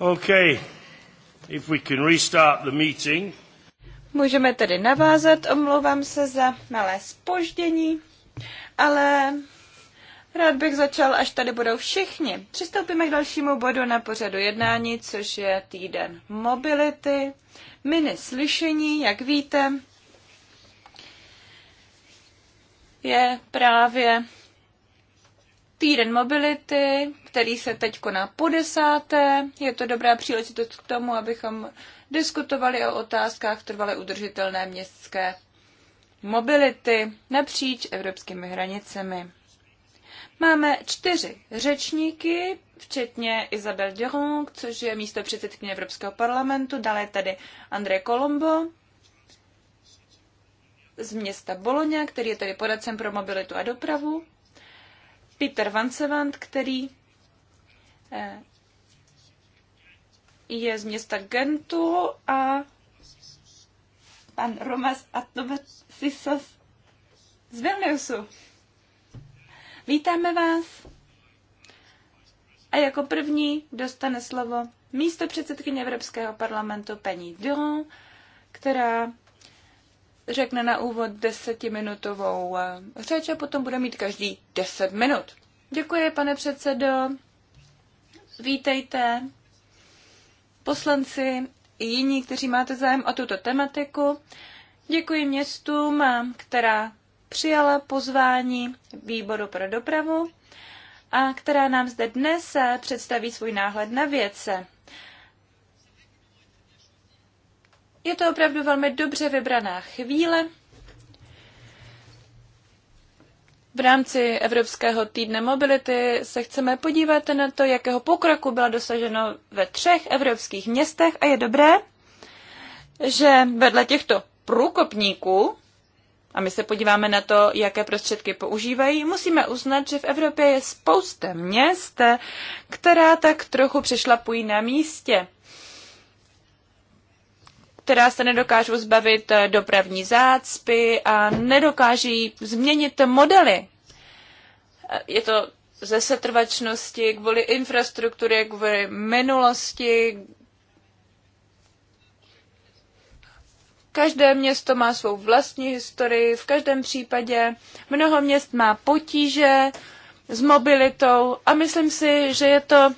Okay. If we can restart the meeting. Můžeme tedy navázat, omlouvám se za malé spoždění, ale rád bych začal, až tady budou všichni. Přistoupíme k dalšímu bodu na pořadu jednání, což je týden mobility, mini slyšení, jak víte, je právě týden mobility, který se teď koná po desáté. Je to dobrá příležitost k tomu, abychom diskutovali o otázkách trvale udržitelné městské mobility napříč evropskými hranicemi. Máme čtyři řečníky, včetně Isabel Durand, což je místo předsedkyně Evropského parlamentu, dále tady André Colombo z města Bologna, který je tady poradcem pro mobilitu a dopravu, Peter Vancevant, který eh, je z města Gentu a pan Romas Atomasisos z Vilniusu. Vítáme vás a jako první dostane slovo místo předsedkyně Evropského parlamentu paní Dion, která řekne na úvod desetiminutovou eh, řeč a potom bude mít každý deset minut. Děkuji, pane předsedo. Vítejte poslanci i jiní, kteří máte zájem o tuto tematiku. Děkuji městům, eh, která přijala pozvání výboru pro dopravu a která nám zde dnes eh, představí svůj náhled na věce. Je to opravdu velmi dobře vybraná chvíle v rámci Evropského týdne mobility se chceme podívat na to, jakého pokroku bylo dosaženo ve třech evropských městech a je dobré, že vedle těchto průkopníků, a my se podíváme na to, jaké prostředky používají, musíme uznat, že v Evropě je spousta měst, která tak trochu přešlapují na místě která se nedokážou zbavit eh, dopravní zácpy a nedokáží změnit modely. Eh, je to ze setrvačnosti, kvůli infrastruktuře, kvůli minulosti. Každé město má svou vlastní historii, v každém případě mnoho měst má potíže s mobilitou a myslím si, že je to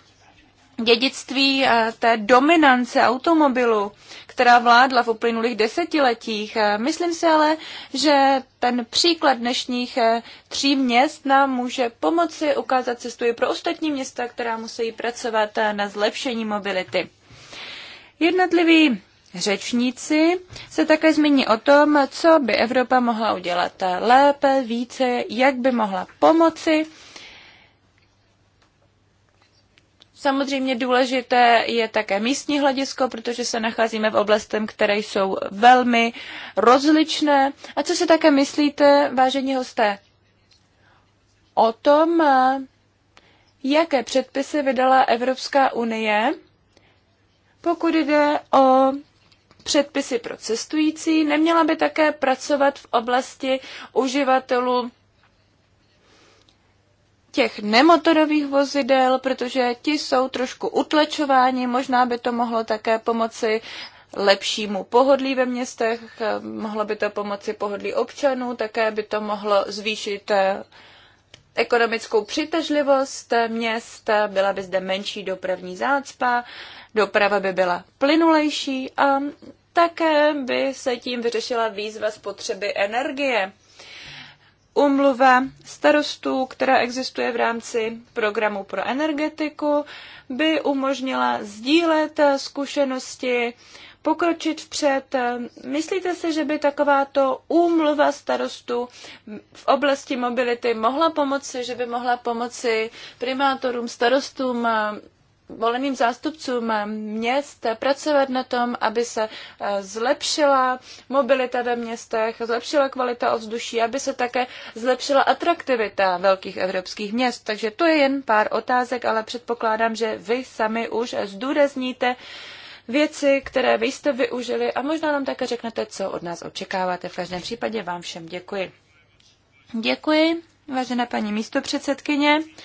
dědictví eh, té dominance automobilu která vládla v uplynulých desetiletích. Eh, myslím si ale, že ten příklad dnešních eh, tří měst nám může pomoci ukázat cestu i pro ostatní města, která musí pracovat eh, na zlepšení mobility. Jednotliví Řečníci se také zmíní o tom, co by Evropa mohla udělat lépe, více, jak by mohla pomoci Samozřejmě důležité je také místní hledisko, protože se nacházíme v oblastem, které jsou velmi rozličné. A co si také myslíte, vážení hosté, o tom, jaké předpisy vydala Evropská unie, pokud jde o předpisy pro cestující, neměla by také pracovat v oblasti uživatelů těch nemotorových vozidel, protože ti jsou trošku utlačováni, možná by to mohlo také pomoci lepšímu pohodlí ve městech, mohlo by to pomoci pohodlí občanů, také by to mohlo zvýšit eh, ekonomickou přitažlivost měst, byla by zde menší dopravní zácpa, doprava by byla plynulejší a také by se tím vyřešila výzva spotřeby energie umluva starostů, která existuje v rámci programu pro energetiku, by umožnila sdílet zkušenosti, pokročit vpřed. Myslíte si, že by takováto úmluva starostů v oblasti mobility mohla pomoci, že by mohla pomoci primátorům, starostům voleným zástupcům měst pracovat na tom, aby se eh, zlepšila mobilita ve městech, zlepšila kvalita ovzduší, aby se také zlepšila atraktivita velkých evropských měst. Takže to je jen pár otázek, ale předpokládám, že vy sami už zdůrazníte věci, které vy jste využili a možná nám také řeknete, co od nás očekáváte. V každém případě vám všem děkuji. Děkuji, vážená paní místopředsedkyně. předsedkyně.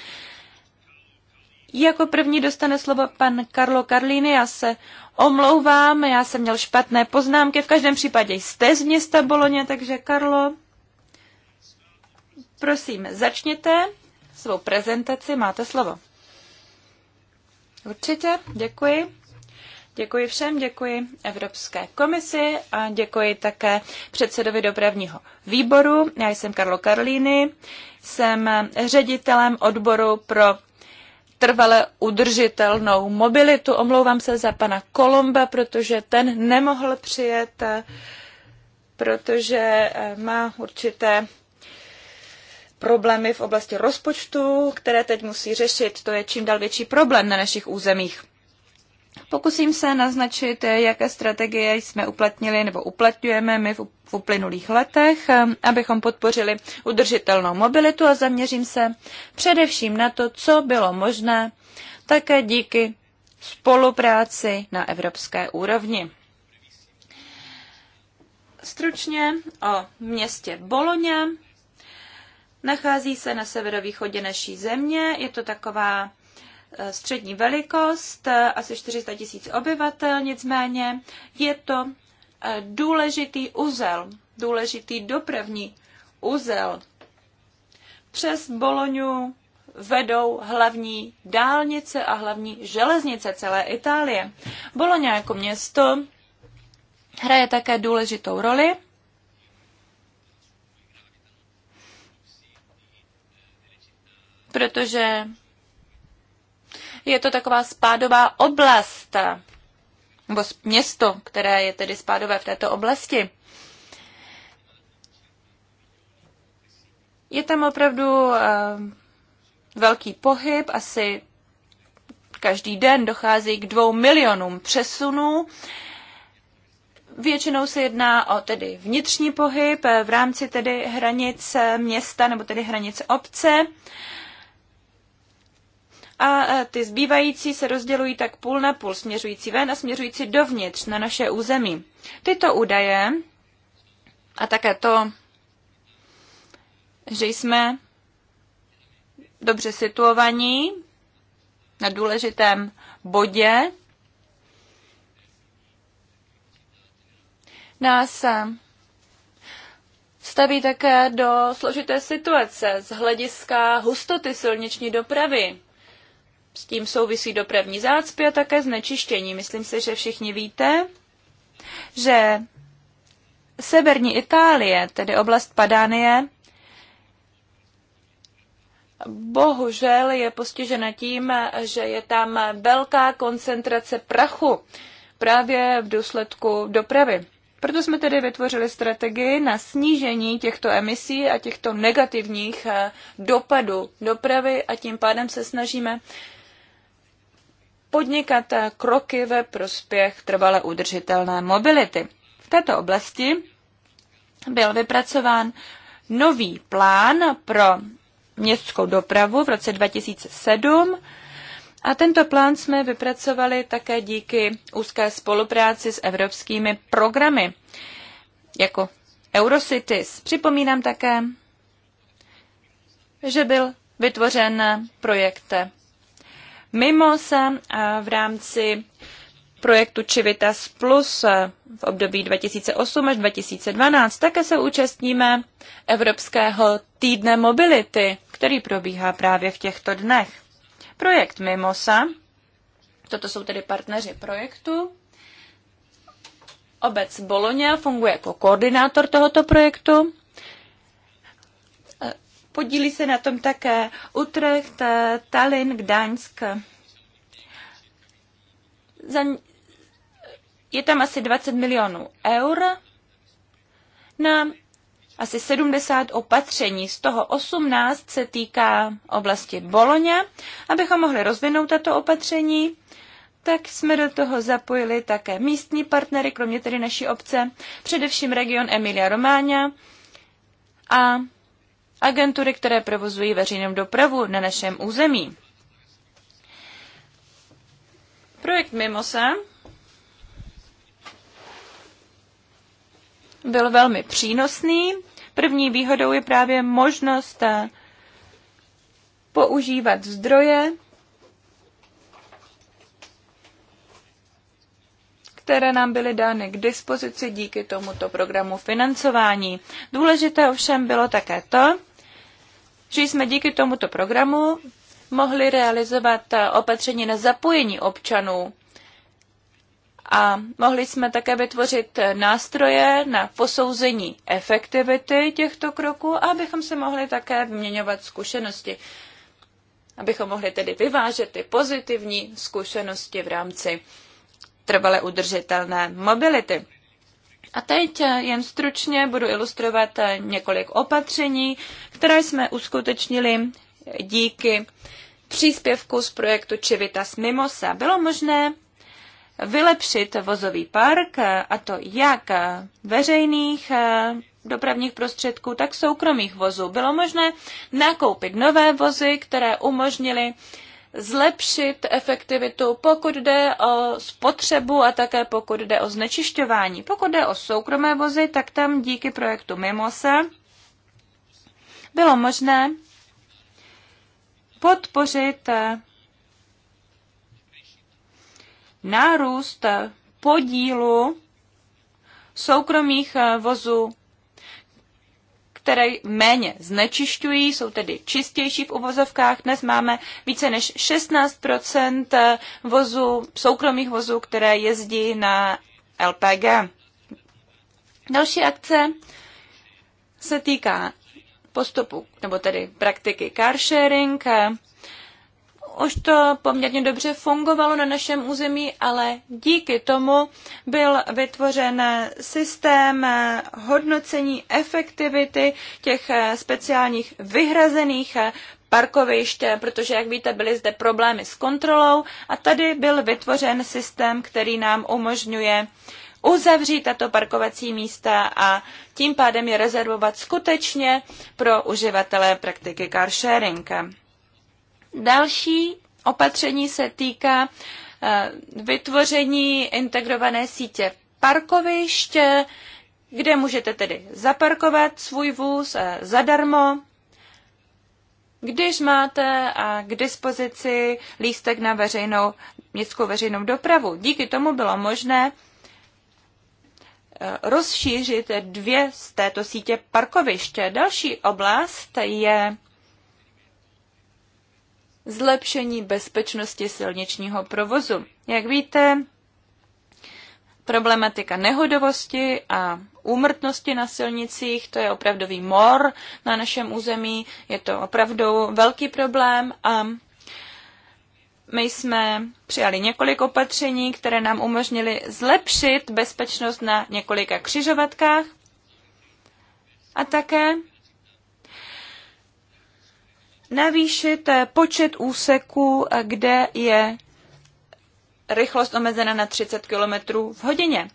Jako první dostane slovo pan Carlo Carlini, já se omlouvám, já jsem měl špatné poznámky, v každém případě jste z města Boloně, takže Carlo, prosím, začněte svou prezentaci, máte slovo. Určitě, děkuji. Děkuji všem, děkuji Evropské komisi a děkuji také předsedovi dopravního výboru. Já jsem Karlo Karlíny, jsem ředitelem odboru pro trvale udržitelnou mobilitu. Omlouvám se za pana Kolomba, protože ten nemohl přijet, protože eh, má určité problémy v oblasti rozpočtu, které teď musí řešit. To je čím dál větší problém na našich územích. Pokusím se naznačit, jaké strategie jsme uplatnili nebo uplatňujeme my v uplynulých letech, abychom podpořili udržitelnou mobilitu a zaměřím se především na to, co bylo možné také díky spolupráci na evropské úrovni. Stručně o městě Boloně. Nachází se na severovýchodě naší země. Je to taková Eh, střední velikost, eh, asi 400 tisíc obyvatel, nicméně je to eh, důležitý uzel, důležitý dopravní uzel. Přes Boloňu vedou hlavní dálnice a hlavní železnice celé Itálie. Boloňa jako město hraje také důležitou roli protože je to taková spádová oblast, nebo město, které je tedy spádové v této oblasti. Je tam opravdu eh, velký pohyb, asi každý den dochází k dvou milionům přesunů. Většinou se jedná o tedy vnitřní pohyb eh, v rámci tedy hranic města nebo tedy hranic obce a e, ty zbývající se rozdělují tak půl na půl, směřující ven a směřující dovnitř na naše území. Tyto údaje a také to, že jsme dobře situovaní na důležitém bodě, nás e, staví také do složité situace z hlediska hustoty silniční dopravy. S tím souvisí dopravní zácpy a také znečištění. Myslím si, že všichni víte, že severní Itálie, tedy oblast Padánie, bohužel je postižena tím, že je tam velká koncentrace prachu právě v důsledku dopravy. Proto jsme tedy vytvořili strategii na snížení těchto emisí a těchto negativních eh, dopadů dopravy a tím pádem se snažíme podnikat kroky ve prospěch trvale udržitelné mobility. V této oblasti byl vypracován nový plán pro městskou dopravu v roce 2007 a tento plán jsme vypracovali také díky úzké spolupráci s evropskými programy jako Eurocities. Připomínám také, že byl vytvořen projekt Mimo se eh, v rámci projektu Civitas Plus eh, v období 2008 až 2012. Také se účastníme Evropského týdne mobility, který probíhá právě v těchto dnech. Projekt MIMOSA, toto jsou tedy partneři projektu, Obec Boloně funguje jako koordinátor tohoto projektu Podílí se na tom také Utrecht, Tallinn, Gdaňsk. Je tam asi 20 milionů eur na asi 70 opatření, z toho 18 se týká oblasti Boloňa. Abychom mohli rozvinout tato opatření, tak jsme do toho zapojili také místní partnery, kromě tedy naší obce, především region Emilia Románia a agentury, které provozují veřejnou dopravu na našem území. Projekt Mimosa byl velmi přínosný. První výhodou je právě možnost eh, používat zdroje které nám byly dány k dispozici díky tomuto programu financování. Důležité ovšem bylo také to, že jsme díky tomuto programu mohli realizovat eh, opatření na zapojení občanů a mohli jsme také vytvořit eh, nástroje na posouzení efektivity těchto kroků, abychom se mohli také vyměňovat zkušenosti, abychom mohli tedy vyvážet ty pozitivní zkušenosti v rámci trvale udržitelné mobility. A teď eh, jen stručně budu ilustrovat eh, několik opatření, které jsme uskutečnili díky příspěvku z projektu Čivitas Mimosa. Bylo možné vylepšit vozový park, eh, a to jak veřejných dopravních prostředků, tak soukromých vozů. Bylo možné nakoupit nové vozy, které umožnily zlepšit efektivitu, pokud jde o spotřebu a také pokud jde o znečišťování. Pokud jde o soukromé vozy, tak tam díky projektu Mimose bylo možné podpořit nárůst podílu soukromých vozů které méně znečišťují, jsou tedy čistější v uvozovkách. Dnes máme více než 16 eh, vozů, soukromých vozů, které jezdí na LPG. Další akce se týká postupu, nebo tedy praktiky car sharing. Eh, už to poměrně dobře fungovalo na našem území, ale díky tomu byl vytvořen systém hodnocení efektivity těch speciálních vyhrazených parkoviště, protože, jak víte, byly zde problémy s kontrolou a tady byl vytvořen systém, který nám umožňuje uzavřít tato parkovací místa a tím pádem je rezervovat skutečně pro uživatele praktiky car sharing. Další opatření se týká eh, vytvoření integrované sítě parkovišť, kde můžete tedy zaparkovat svůj vůz eh, zadarmo, když máte eh, k dispozici lístek na veřejnou, městskou veřejnou dopravu. Díky tomu bylo možné rozšířit dvě z této sítě parkoviště. Další oblast je zlepšení bezpečnosti silničního provozu. Jak víte, problematika nehodovosti a úmrtnosti na silnicích, to je opravdový mor na našem území, je to opravdu velký problém a my jsme přijali několik opatření, které nám umožnily zlepšit bezpečnost na několika křižovatkách a také navýšit eh, počet úseků, eh, kde je rychlost omezena na 30 km v hodině.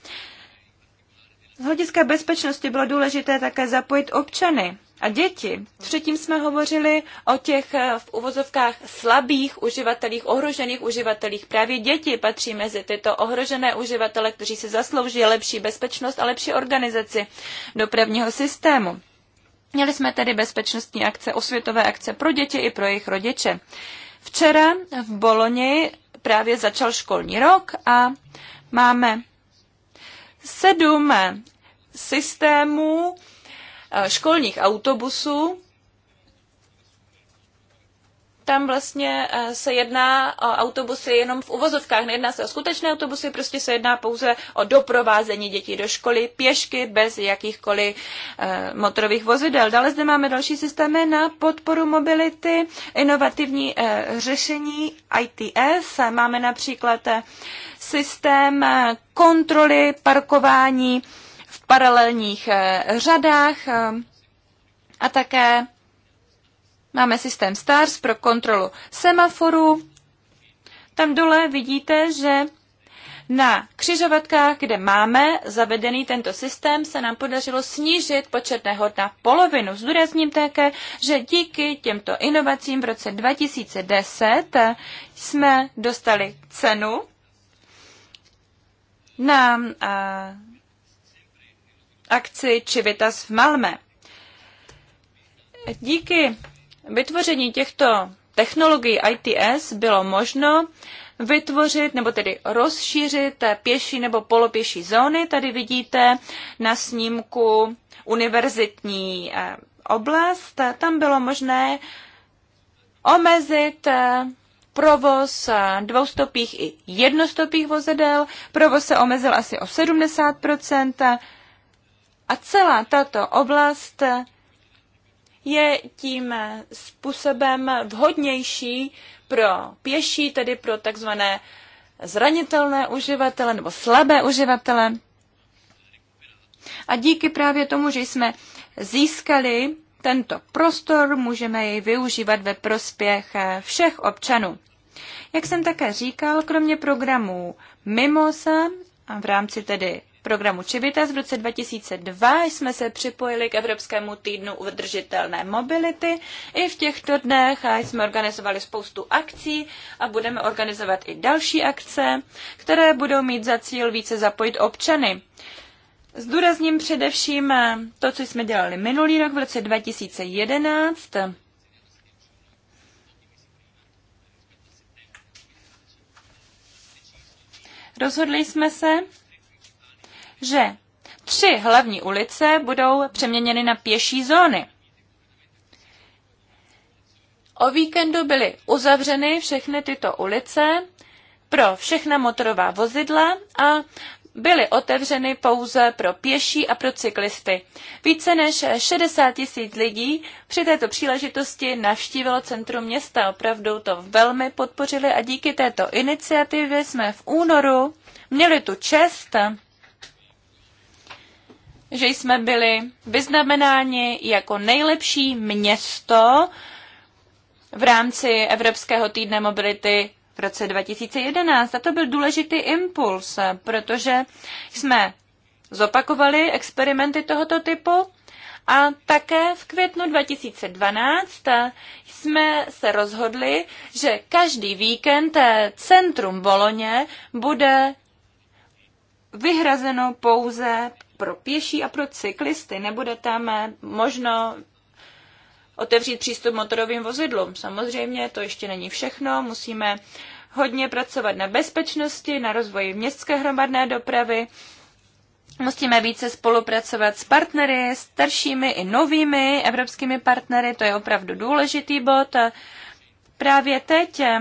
Z hlediska bezpečnosti bylo důležité také zapojit občany a děti. Předtím jsme hovořili o těch eh, v uvozovkách slabých uživatelích, ohrožených uživatelích. Právě děti patří mezi tyto ohrožené uživatele, kteří si zaslouží lepší bezpečnost a lepší organizaci dopravního systému. Měli jsme tedy bezpečnostní akce, osvětové akce pro děti i pro jejich rodiče. Včera v Boloni právě začal školní rok a máme sedm systémů eh, školních autobusů, tam vlastně eh, se jedná o autobusy jenom v uvozovkách, nejedná se o skutečné autobusy, prostě se jedná pouze o doprovázení dětí do školy pěšky bez jakýchkoliv eh, motorových vozidel. Dále zde máme další systémy na podporu mobility, inovativní eh, řešení ITS, máme například systém kontroly parkování v paralelních řadách a také Máme systém STARS pro kontrolu semaforů. Tam dole vidíte, že na křižovatkách, kde máme zavedený tento systém, se nám podařilo snížit počet nehod na polovinu. Zdůrazním také, že díky těmto inovacím v roce 2010 jsme dostali cenu na a, akci Čivitas v Malme. Díky vytvoření těchto technologií ITS bylo možno vytvořit nebo tedy rozšířit pěší nebo polopěší zóny. Tady vidíte na snímku univerzitní eh, oblast. Tam bylo možné omezit eh, provoz eh, dvoustopých i jednostopých vozidel. Provoz se omezil asi o 70 a celá tato oblast je tím způsobem vhodnější pro pěší, tedy pro takzvané zranitelné uživatele nebo slabé uživatele. A díky právě tomu, že jsme získali tento prostor, můžeme jej využívat ve prospěch všech občanů. Jak jsem také říkal, kromě programů Mimosa a v rámci tedy programu Čivitas. V roce 2002 jsme se připojili k Evropskému týdnu udržitelné mobility. I v těchto dnech jsme organizovali spoustu akcí a budeme organizovat i další akce, které budou mít za cíl více zapojit občany. Zdůrazním především eh, to, co jsme dělali minulý rok v roce 2011. Rozhodli jsme se, že tři hlavní ulice budou přeměněny na pěší zóny. O víkendu byly uzavřeny všechny tyto ulice pro všechna motorová vozidla a byly otevřeny pouze pro pěší a pro cyklisty. Více než 60 tisíc lidí při této příležitosti navštívilo centrum města. Opravdu to velmi podpořili a díky této iniciativě jsme v únoru měli tu čest že jsme byli vyznamenáni jako nejlepší město v rámci Evropského týdne mobility v roce 2011. A to byl důležitý impuls, protože jsme zopakovali experimenty tohoto typu a také v květnu 2012 jsme se rozhodli, že každý víkend centrum Boloně bude vyhrazeno pouze pro pěší a pro cyklisty. Nebude tam eh, možno otevřít přístup motorovým vozidlům. Samozřejmě to ještě není všechno. Musíme hodně pracovat na bezpečnosti, na rozvoji městské hromadné dopravy. Musíme více spolupracovat s partnery, staršími i novými evropskými partnery, to je opravdu důležitý bod. Právě teď eh,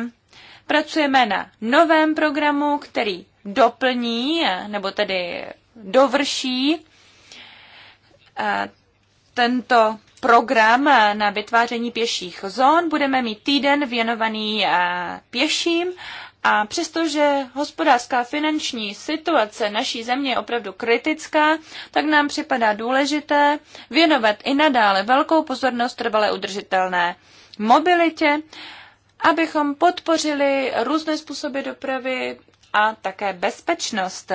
pracujeme na novém programu, který doplní, eh, nebo tedy dovrší eh, tento program na vytváření pěších zón. Budeme mít týden věnovaný eh, pěším a přestože hospodářská finanční situace naší země je opravdu kritická, tak nám připadá důležité věnovat i nadále velkou pozornost trvale udržitelné mobilitě, abychom podpořili různé způsoby dopravy a také bezpečnost.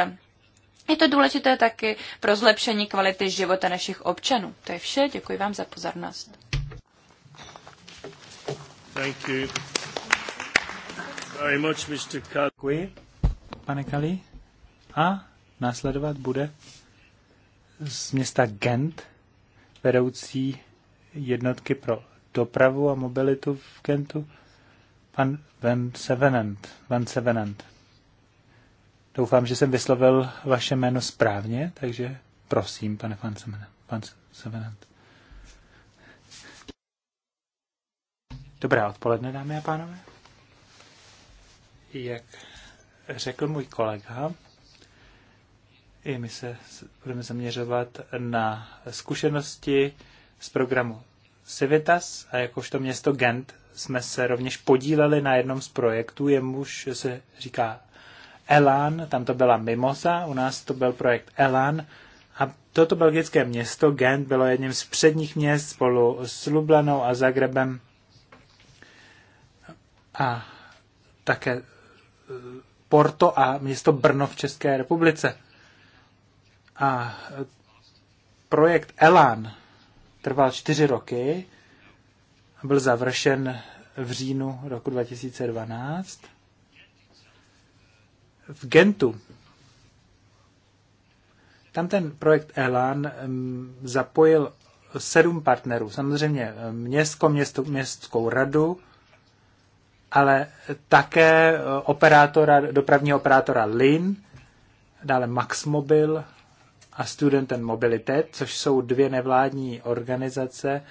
Je to důležité taky pro zlepšení kvality života našich občanů. To je vše, děkuji vám za pozornost. Thank you. Very much, Mr. Kali. Děkuji, pane Kali. A následovat bude z města Gent vedoucí jednotky pro dopravu a mobilitu v Gentu pan Van Sevenant. Van Sevenant. Doufám, že jsem vyslovil vaše jméno správně, takže prosím, pane pan Semenant. Dobré odpoledne, dámy a pánové. Jak řekl můj kolega, i my se budeme zaměřovat na zkušenosti z programu Civitas a jakožto město Gent jsme se rovněž podíleli na jednom z projektů, jemuž se říká Elan, tam to byla Mimosa, u nás to byl projekt Elan. A toto belgické město Gent bylo jedním z předních měst spolu s Lublanou a Zagrebem. A také e, Porto a město Brno v České republice. A e, projekt Elan trval čtyři roky a byl završen v říjnu roku 2012 v Gentu tam ten projekt Elan zapojil sedm partnerů. Samozřejmě městskou město, městskou radu, ale také eh, operátora, dopravního operátora LIN, dále Maxmobil a Student and Mobilitet, což jsou dvě nevládní organizace,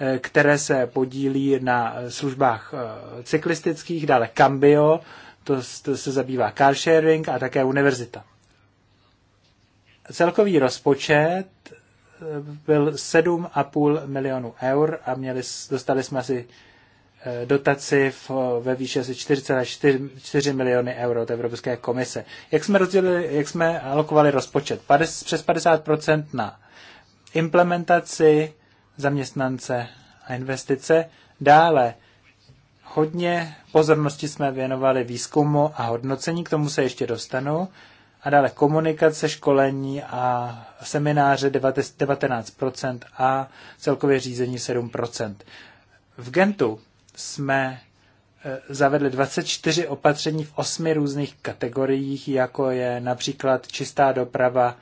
eh, které se podílí na eh, službách cyklistických, dále Cambio, to, to se zabývá car sharing a také univerzita. Celkový rozpočet eh, byl 7,5 milionů eur a měli, dostali jsme si eh, dotaci v, ve výši asi 4,4 miliony eur od Evropské komise. Jak jsme, rozdělili, jak jsme alokovali rozpočet? 50, přes 50% na implementaci, zaměstnance a investice. Dále Hodně pozornosti jsme věnovali výzkumu a hodnocení, k tomu se ještě dostanu. A dále komunikace, školení a semináře 19% a celkově řízení 7%. V Gentu jsme e, zavedli 24 opatření v osmi různých kategoriích, jako je například čistá doprava,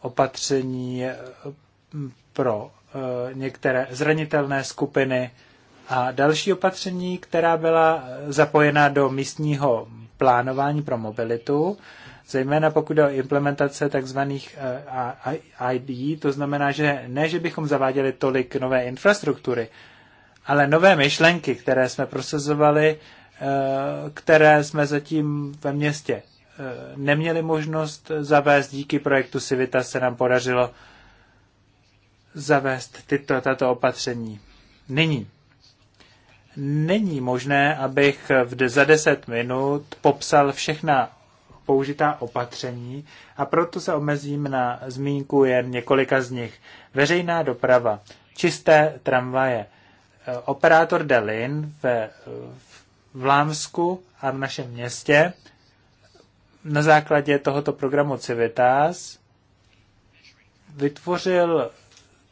opatření e, pro e, některé zranitelné skupiny, a další opatření, která byla zapojena do místního plánování pro mobilitu, zejména pokud o implementace tzv. Eh, ID, to znamená, že ne, že bychom zaváděli tolik nové infrastruktury, ale nové myšlenky, které jsme prosazovali, eh, které jsme zatím ve městě eh, neměli možnost zavést. Díky projektu Civita se nám podařilo zavést tyto, tato opatření. Nyní není možné, abych v, za 10 minut popsal všechna použitá opatření a proto se omezím na zmínku jen několika z nich. Veřejná doprava, čisté tramvaje, e, operátor Delin ve, e, v Lámsku a v našem městě na základě tohoto programu Civitas vytvořil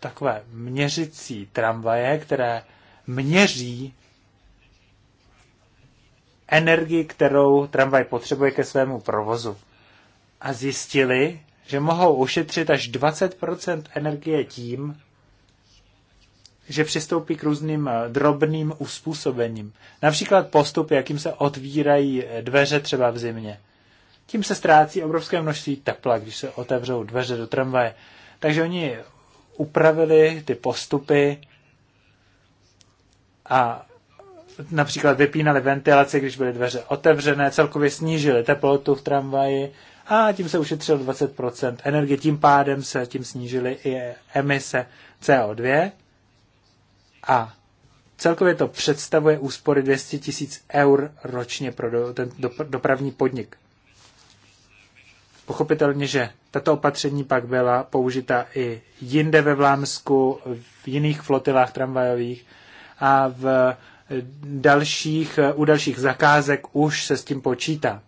takové měřicí tramvaje, které měří energii, kterou tramvaj potřebuje ke svému provozu. A zjistili, že mohou ušetřit až 20 energie tím, že přistoupí k různým eh, drobným uspůsobením. Například postup, jakým se otvírají dveře třeba v zimě. Tím se ztrácí obrovské množství tepla, když se otevřou dveře do tramvaje. Takže oni upravili ty postupy a například vypínali ventilaci, když byly dveře otevřené, celkově snížili teplotu v tramvaji a tím se ušetřil 20% energie. Tím pádem se tím snížily i emise CO2 a celkově to představuje úspory 200 tisíc eur ročně pro ten dopravní podnik. Pochopitelně, že tato opatření pak byla použita i jinde ve Vlámsku, v jiných flotilách tramvajových a v dalších, eh, u dalších zakázek už se s tím počítá.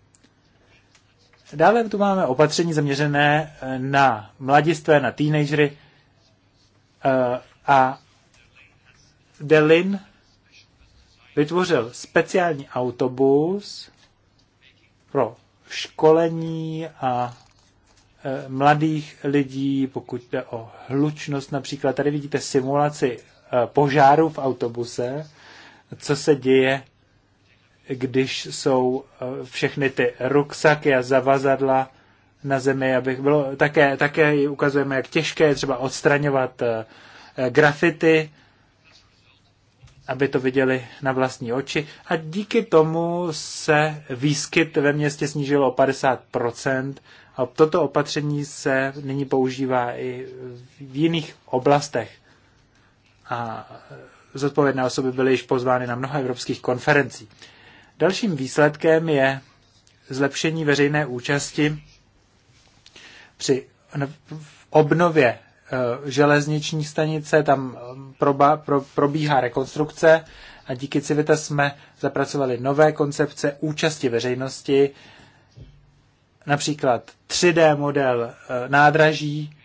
Dále tu máme opatření zaměřené eh, na mladistvé, na teenagery eh, a Delin vytvořil speciální autobus pro školení a mladých lidí, pokud jde o hlučnost například. Tady vidíte simulaci požáru v autobuse co se děje, když jsou eh, všechny ty ruksaky a zavazadla na zemi, abych bylo, také, také ukazujeme, jak těžké je třeba odstraňovat eh, grafity, aby to viděli na vlastní oči. A díky tomu se výskyt ve městě snížilo o 50%. A toto opatření se nyní používá i v jiných oblastech. A zodpovědné osoby byly již pozvány na mnoho evropských konferencí. Dalším výsledkem je zlepšení veřejné účasti při no, obnově e, železniční stanice, tam um, proba, pro, probíhá rekonstrukce a díky Civita jsme zapracovali nové koncepce účasti veřejnosti, například 3D model e, nádraží,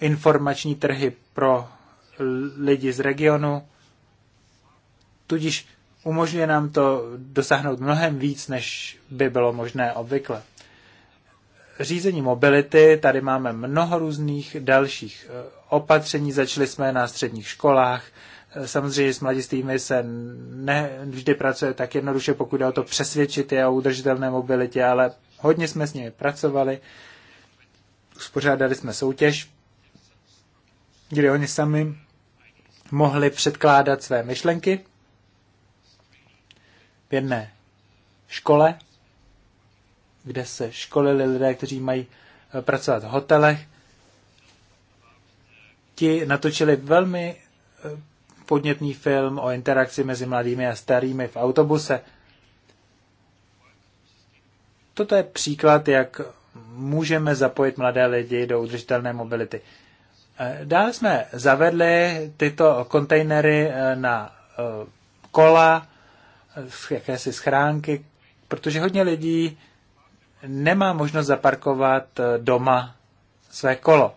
informační trhy pro lidi z regionu. Tudíž umožňuje nám to dosáhnout mnohem víc, než by bylo možné obvykle. Řízení mobility, tady máme mnoho různých dalších e, opatření, začali jsme na středních školách, e, samozřejmě s mladistými se ne vždy pracuje tak jednoduše, pokud jde o to přesvědčit je o udržitelné mobilitě, ale hodně jsme s nimi pracovali, uspořádali jsme soutěž, kdy oni sami mohli předkládat své myšlenky v jedné škole, kde se školili lidé, kteří mají eh, pracovat v hotelech. Ti natočili velmi eh, podnětný film o interakci mezi mladými a starými v autobuse. Toto je příklad, jak můžeme zapojit mladé lidi do udržitelné mobility. Eh, dále jsme zavedli tyto kontejnery eh, na eh, kola, jakési schránky, protože hodně lidí nemá možnost zaparkovat doma své kolo.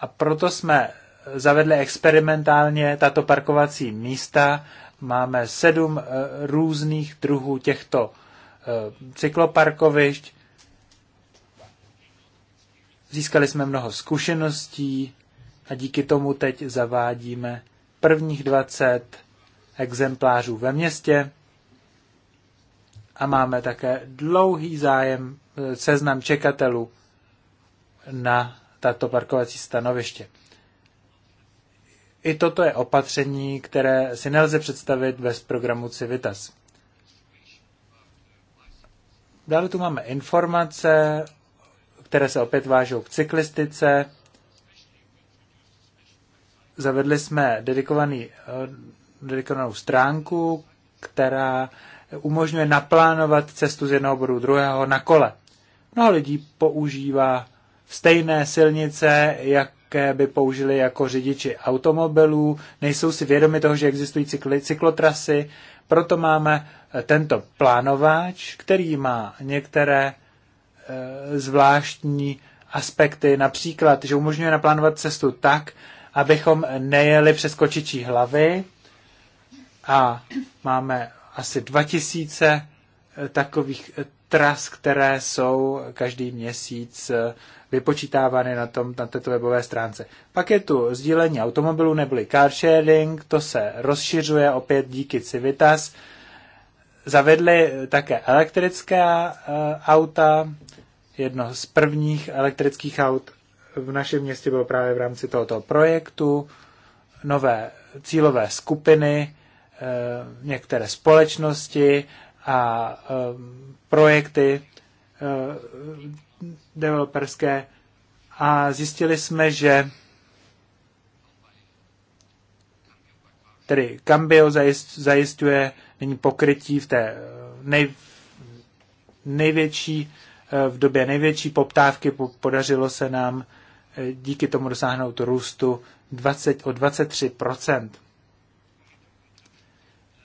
A proto jsme zavedli experimentálně tato parkovací místa. Máme sedm různých druhů těchto cykloparkovišť Získali jsme mnoho zkušeností a díky tomu teď zavádíme prvních 20 exemplářů ve městě a máme také dlouhý zájem, eh, seznam čekatelů na tato parkovací stanoviště. I toto je opatření, které si nelze představit bez programu Civitas. Dále tu máme informace které se opět vážou k cyklistice. Zavedli jsme dedikovaný, eh, dedikovanou stránku, která umožňuje naplánovat cestu z jednoho bodu druhého na kole. Mnoho lidí používá stejné silnice, jaké by použili jako řidiči automobilů, nejsou si vědomi toho, že existují cykly, cyklotrasy, proto máme tento plánováč, který má některé Eh, zvláštní aspekty, například, že umožňuje naplánovat cestu tak, abychom nejeli přes kočičí hlavy a máme asi 2000 eh, takových eh, tras, které jsou každý měsíc vypočítávány na, tom, na této webové stránce. Pak je tu sdílení automobilů neboli car sharing, to se rozšiřuje opět díky Civitas, zavedli také elektrická eh, auta. Jedno z prvních elektrických aut v našem městě bylo právě v rámci tohoto projektu. Nové cílové skupiny, eh, některé společnosti a eh, projekty developerské a zjistili jsme, že tedy Cambio zajist, zajistuje nyní pokrytí v té eh, nej, největší, eh, v době největší poptávky podařilo se nám eh, díky tomu dosáhnout růstu 20, o 23%.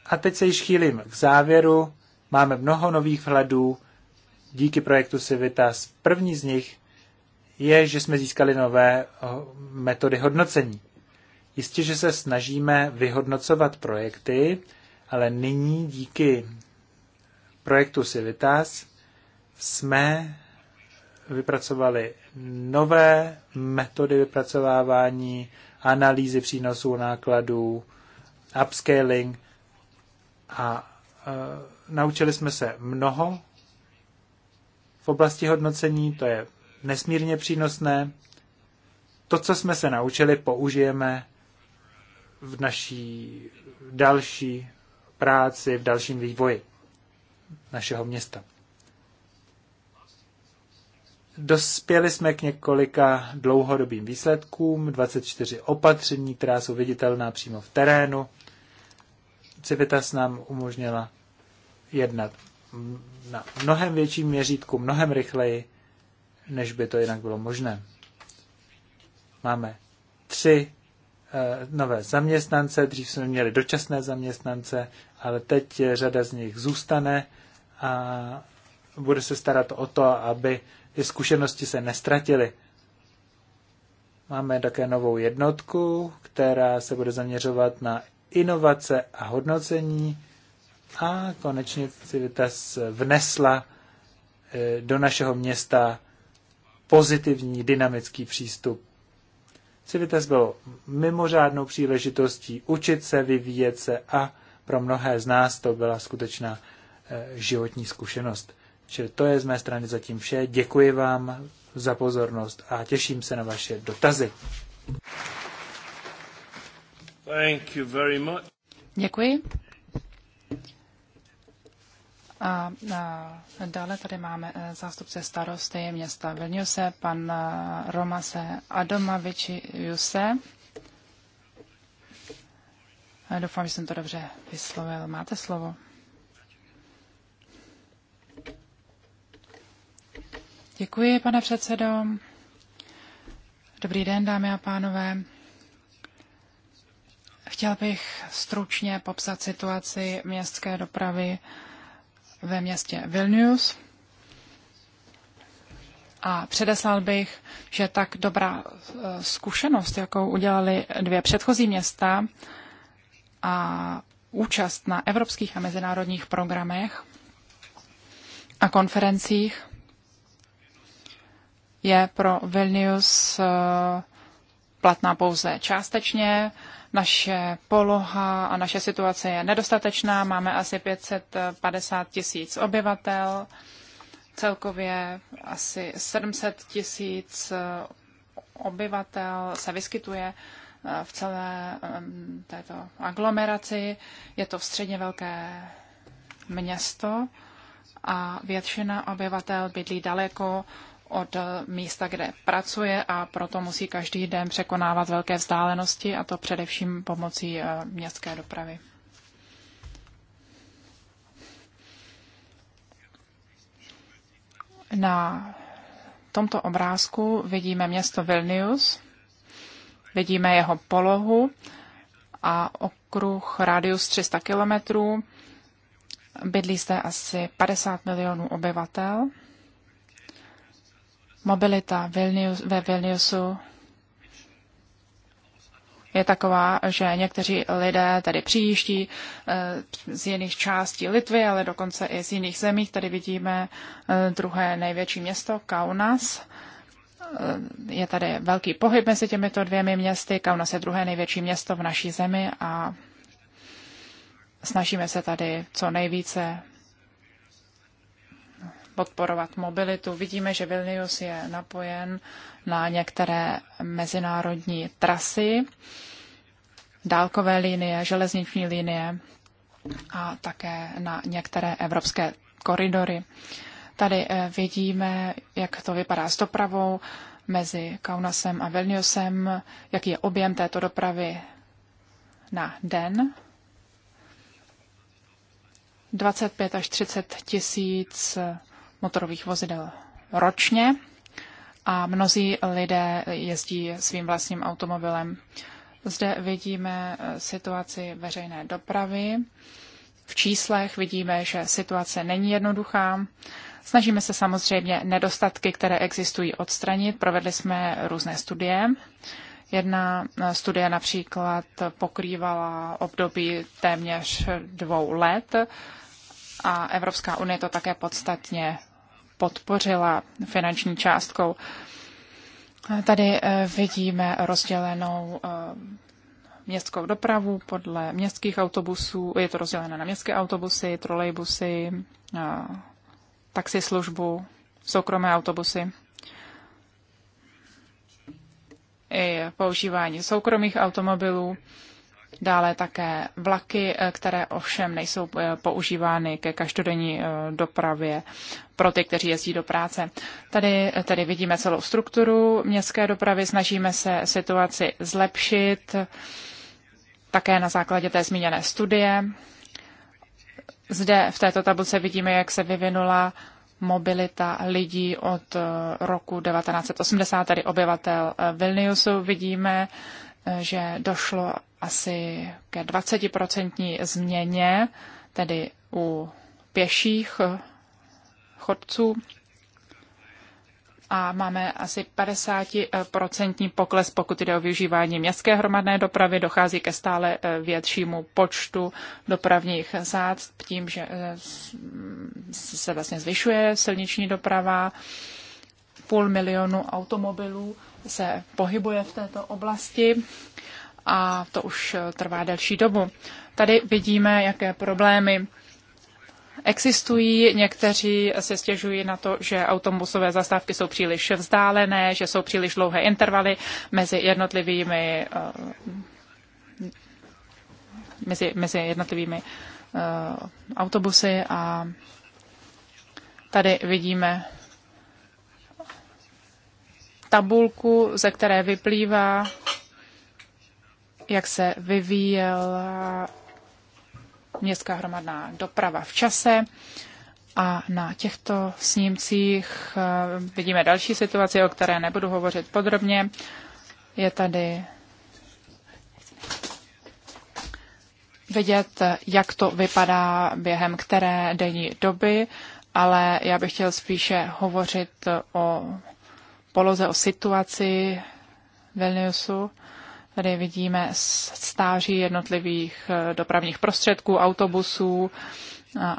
A teď se již chýlím k závěru. Máme mnoho nových vhledů díky projektu Civitas. První z nich je, že jsme získali nové metody hodnocení. Jistě, že se snažíme vyhodnocovat projekty, ale nyní díky projektu Civitas jsme vypracovali nové metody vypracovávání, analýzy přínosů nákladů, upscaling a e, naučili jsme se mnoho v oblasti hodnocení, to je nesmírně přínosné. To, co jsme se naučili, použijeme v naší další práci, v dalším vývoji našeho města. Dospěli jsme k několika dlouhodobým výsledkům, 24 opatření, která jsou viditelná přímo v terénu. Civitas nám umožnila jednat na mnohem větším měřítku, mnohem rychleji, než by to jinak bylo možné. Máme tři Eh, nové zaměstnance, dřív jsme měli dočasné zaměstnance, ale teď řada z nich zůstane a bude se starat o to, aby ty zkušenosti se nestratily. Máme také novou jednotku, která se bude zaměřovat na inovace a hodnocení a konečně Civitas vnesla eh, do našeho města pozitivní dynamický přístup Civitas byl mimořádnou příležitostí učit se, vyvíjet se a pro mnohé z nás to byla skutečná eh, životní zkušenost. Čili to je z mé strany zatím vše. Děkuji vám za pozornost a těším se na vaše dotazy. Thank you very much. Děkuji. A, dále tady máme e, zástupce starosty města Vilniuse, pan e, Romase Adomaviči Juse. Doufám, že jsem to dobře vyslovil. Máte slovo. Děkuji, pane předsedo. Dobrý den, dámy a pánové. Chtěl bych stručně popsat situaci městské dopravy ve městě Vilnius. A předeslal bych, že tak dobrá e, zkušenost, jakou udělali dvě předchozí města a účast na evropských a mezinárodních programech a konferencích, je pro Vilnius e, platná pouze částečně. Naše poloha a naše situace je nedostatečná. Máme asi 550 tisíc obyvatel, celkově asi 700 tisíc eh, obyvatel se vyskytuje eh, v celé této aglomeraci. Je to v středně velké město a většina obyvatel bydlí daleko od eh, místa, kde pracuje a proto musí každý den překonávat velké vzdálenosti a to především pomocí eh, městské dopravy. Na tomto obrázku vidíme město Vilnius, vidíme jeho polohu a okruh rádius 300 kilometrů. Bydlí zde asi 50 milionů obyvatel. Mobilita Vilnius, ve Vilniusu je taková, že někteří lidé tady přijíždí eh, z jiných částí Litvy, ale dokonce i z jiných zemí. Tady vidíme eh, druhé největší město, Kaunas. Eh, je tady velký pohyb mezi těmito dvěmi městy. Kaunas je druhé největší město v naší zemi a snažíme se tady co nejvíce podporovat mobilitu. Vidíme, že Vilnius je napojen na některé mezinárodní trasy, dálkové linie, železniční linie a také na některé evropské koridory. Tady eh, vidíme, jak to vypadá s dopravou mezi Kaunasem a Vilniusem, jaký je objem této dopravy na den. 25 až 30 tisíc motorových vozidel ročně a mnozí lidé jezdí svým vlastním automobilem. Zde vidíme eh, situaci veřejné dopravy. V číslech vidíme, že situace není jednoduchá. Snažíme se samozřejmě nedostatky, které existují, odstranit. Provedli jsme různé studie. Jedna eh, studie například pokrývala období téměř dvou let a Evropská unie to také podstatně podpořila finanční částkou. Tady eh, vidíme rozdělenou eh, městskou dopravu podle městských autobusů. Je to rozdělené na městské autobusy, trolejbusy, eh, taxislužbu, soukromé autobusy. I používání soukromých automobilů dále také vlaky, eh, které ovšem nejsou eh, používány ke každodenní eh, dopravě pro ty, kteří jezdí do práce. Tady tady vidíme celou strukturu městské dopravy, snažíme se situaci zlepšit také na základě té zmíněné studie. Zde v této tabulce vidíme, jak se vyvinula mobilita lidí od roku 1980, tedy obyvatel Vilniusu. Vidíme, že došlo asi ke 20% změně, tedy u pěších eh, chodců a máme asi 50% pokles, pokud jde o využívání městské hromadné dopravy. Dochází ke stále eh, většímu počtu dopravních zác, tím, že eh, se vlastně zvyšuje silniční doprava. Půl milionu automobilů se pohybuje v této oblasti a to už trvá delší dobu. Tady vidíme, jaké problémy existují. Někteří se stěžují na to, že autobusové zastávky jsou příliš vzdálené, že jsou příliš dlouhé intervaly mezi jednotlivými eh, mezi, mezi jednotlivými eh, autobusy a tady vidíme tabulku, ze které vyplývá, jak se vyvíjela městská hromadná doprava v čase. A na těchto snímcích eh, vidíme další situaci, o které nebudu hovořit podrobně. Je tady vidět, jak to vypadá během které denní doby, ale já bych chtěl spíše hovořit o poloze, o situaci Vilniusu Tady vidíme stáží jednotlivých eh, dopravních prostředků, autobusů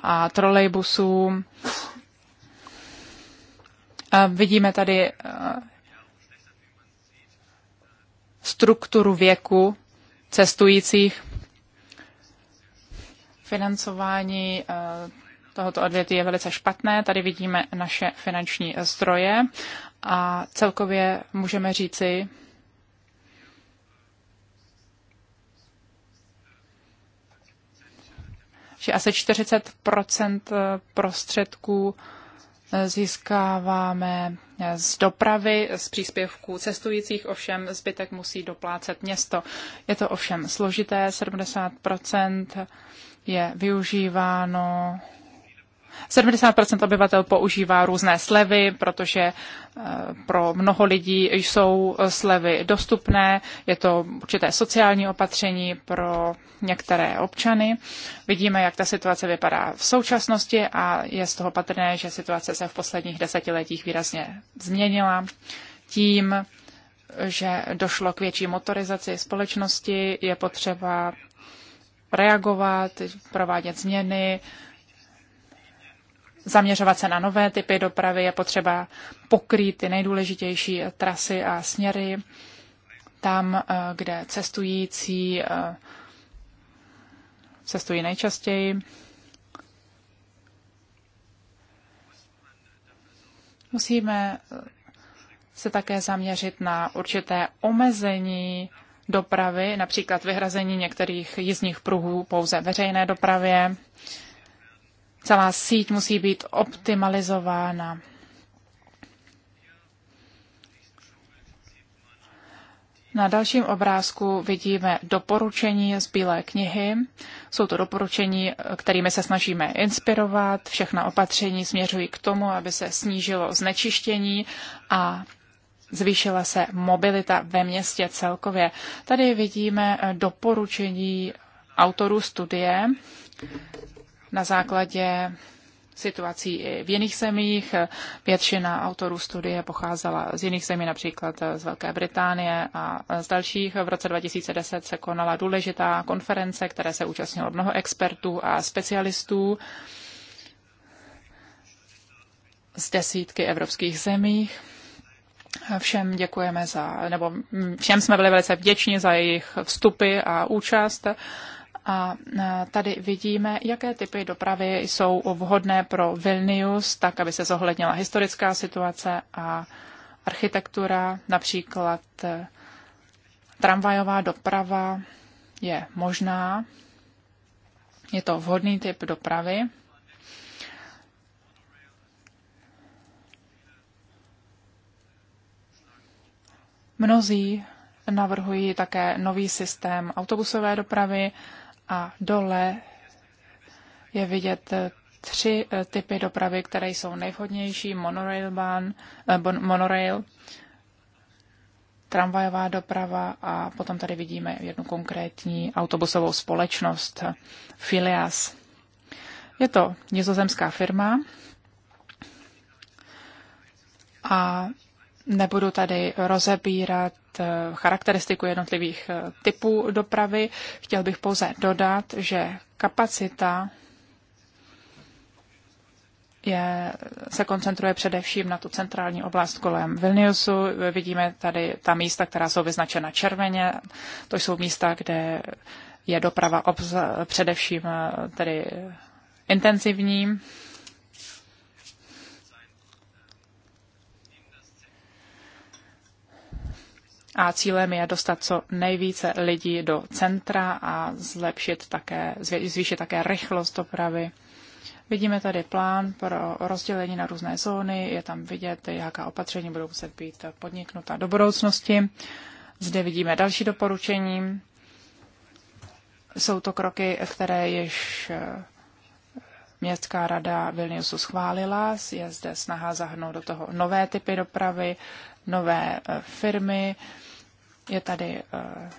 a trolejbusů. Vidíme tady eh, strukturu věku cestujících. Financování eh, tohoto odvětví je velice špatné. Tady vidíme naše finanční zdroje a celkově můžeme říci, že asi 40 eh, prostředků eh, získáváme eh, z dopravy, z příspěvků cestujících, ovšem zbytek musí doplácet město. Je to ovšem složité, 70 je využíváno 70% obyvatel používá různé slevy, protože eh, pro mnoho lidí jsou slevy dostupné, je to určité sociální opatření pro některé občany. Vidíme, jak ta situace vypadá v současnosti a je z toho patrné, že situace se v posledních desetiletích výrazně změnila tím, že došlo k větší motorizaci společnosti, je potřeba reagovat, provádět změny, zaměřovat se na nové typy dopravy, je potřeba pokrýt ty nejdůležitější trasy a směry tam, eh, kde cestující eh, cestují nejčastěji. Musíme eh, se také zaměřit na určité omezení dopravy, například vyhrazení některých jízdních pruhů pouze veřejné dopravě. Celá síť musí být optimalizována. Na dalším obrázku vidíme doporučení z Bílé knihy. Jsou to doporučení, kterými se snažíme inspirovat. Všechna opatření směřují k tomu, aby se snížilo znečištění a zvýšila se mobilita ve městě celkově. Tady vidíme doporučení autorů studie na základě situací i v jiných zemích. Většina autorů studie pocházela z jiných zemí, například z Velké Británie a z dalších. V roce 2010 se konala důležitá konference, které se účastnilo mnoho expertů a specialistů z desítky evropských zemích. Všem děkujeme za, nebo všem jsme byli velice vděční za jejich vstupy a účast a tady vidíme, jaké typy dopravy jsou vhodné pro Vilnius, tak aby se zohlednila historická situace a architektura, například e, tramvajová doprava je možná. Je to vhodný typ dopravy. Mnozí navrhují také nový systém autobusové dopravy, a dole je vidět eh, tři eh, typy dopravy, které jsou nejvhodnější. Monorail, ban, eh, monorail tramvajová doprava a potom tady vidíme jednu konkrétní autobusovou společnost Filias. Je to nizozemská firma a Nebudu tady rozebírat eh, charakteristiku jednotlivých eh, typů dopravy. Chtěl bych pouze dodat, že kapacita je, se koncentruje především na tu centrální oblast kolem Vilniusu. Vidíme tady ta místa, která jsou vyznačena červeně. To jsou místa, kde je doprava obz, především eh, tedy intenzivní. a cílem je dostat co nejvíce lidí do centra a zlepšit také, zvýšit také rychlost dopravy. Vidíme tady plán pro rozdělení na různé zóny, je tam vidět, jaká opatření budou muset být podniknuta do budoucnosti. Zde vidíme další doporučení. Jsou to kroky, které již eh, Městská rada Vilniusu schválila. Je zde snaha zahrnout do toho nové typy dopravy, nové eh, firmy, je tady eh,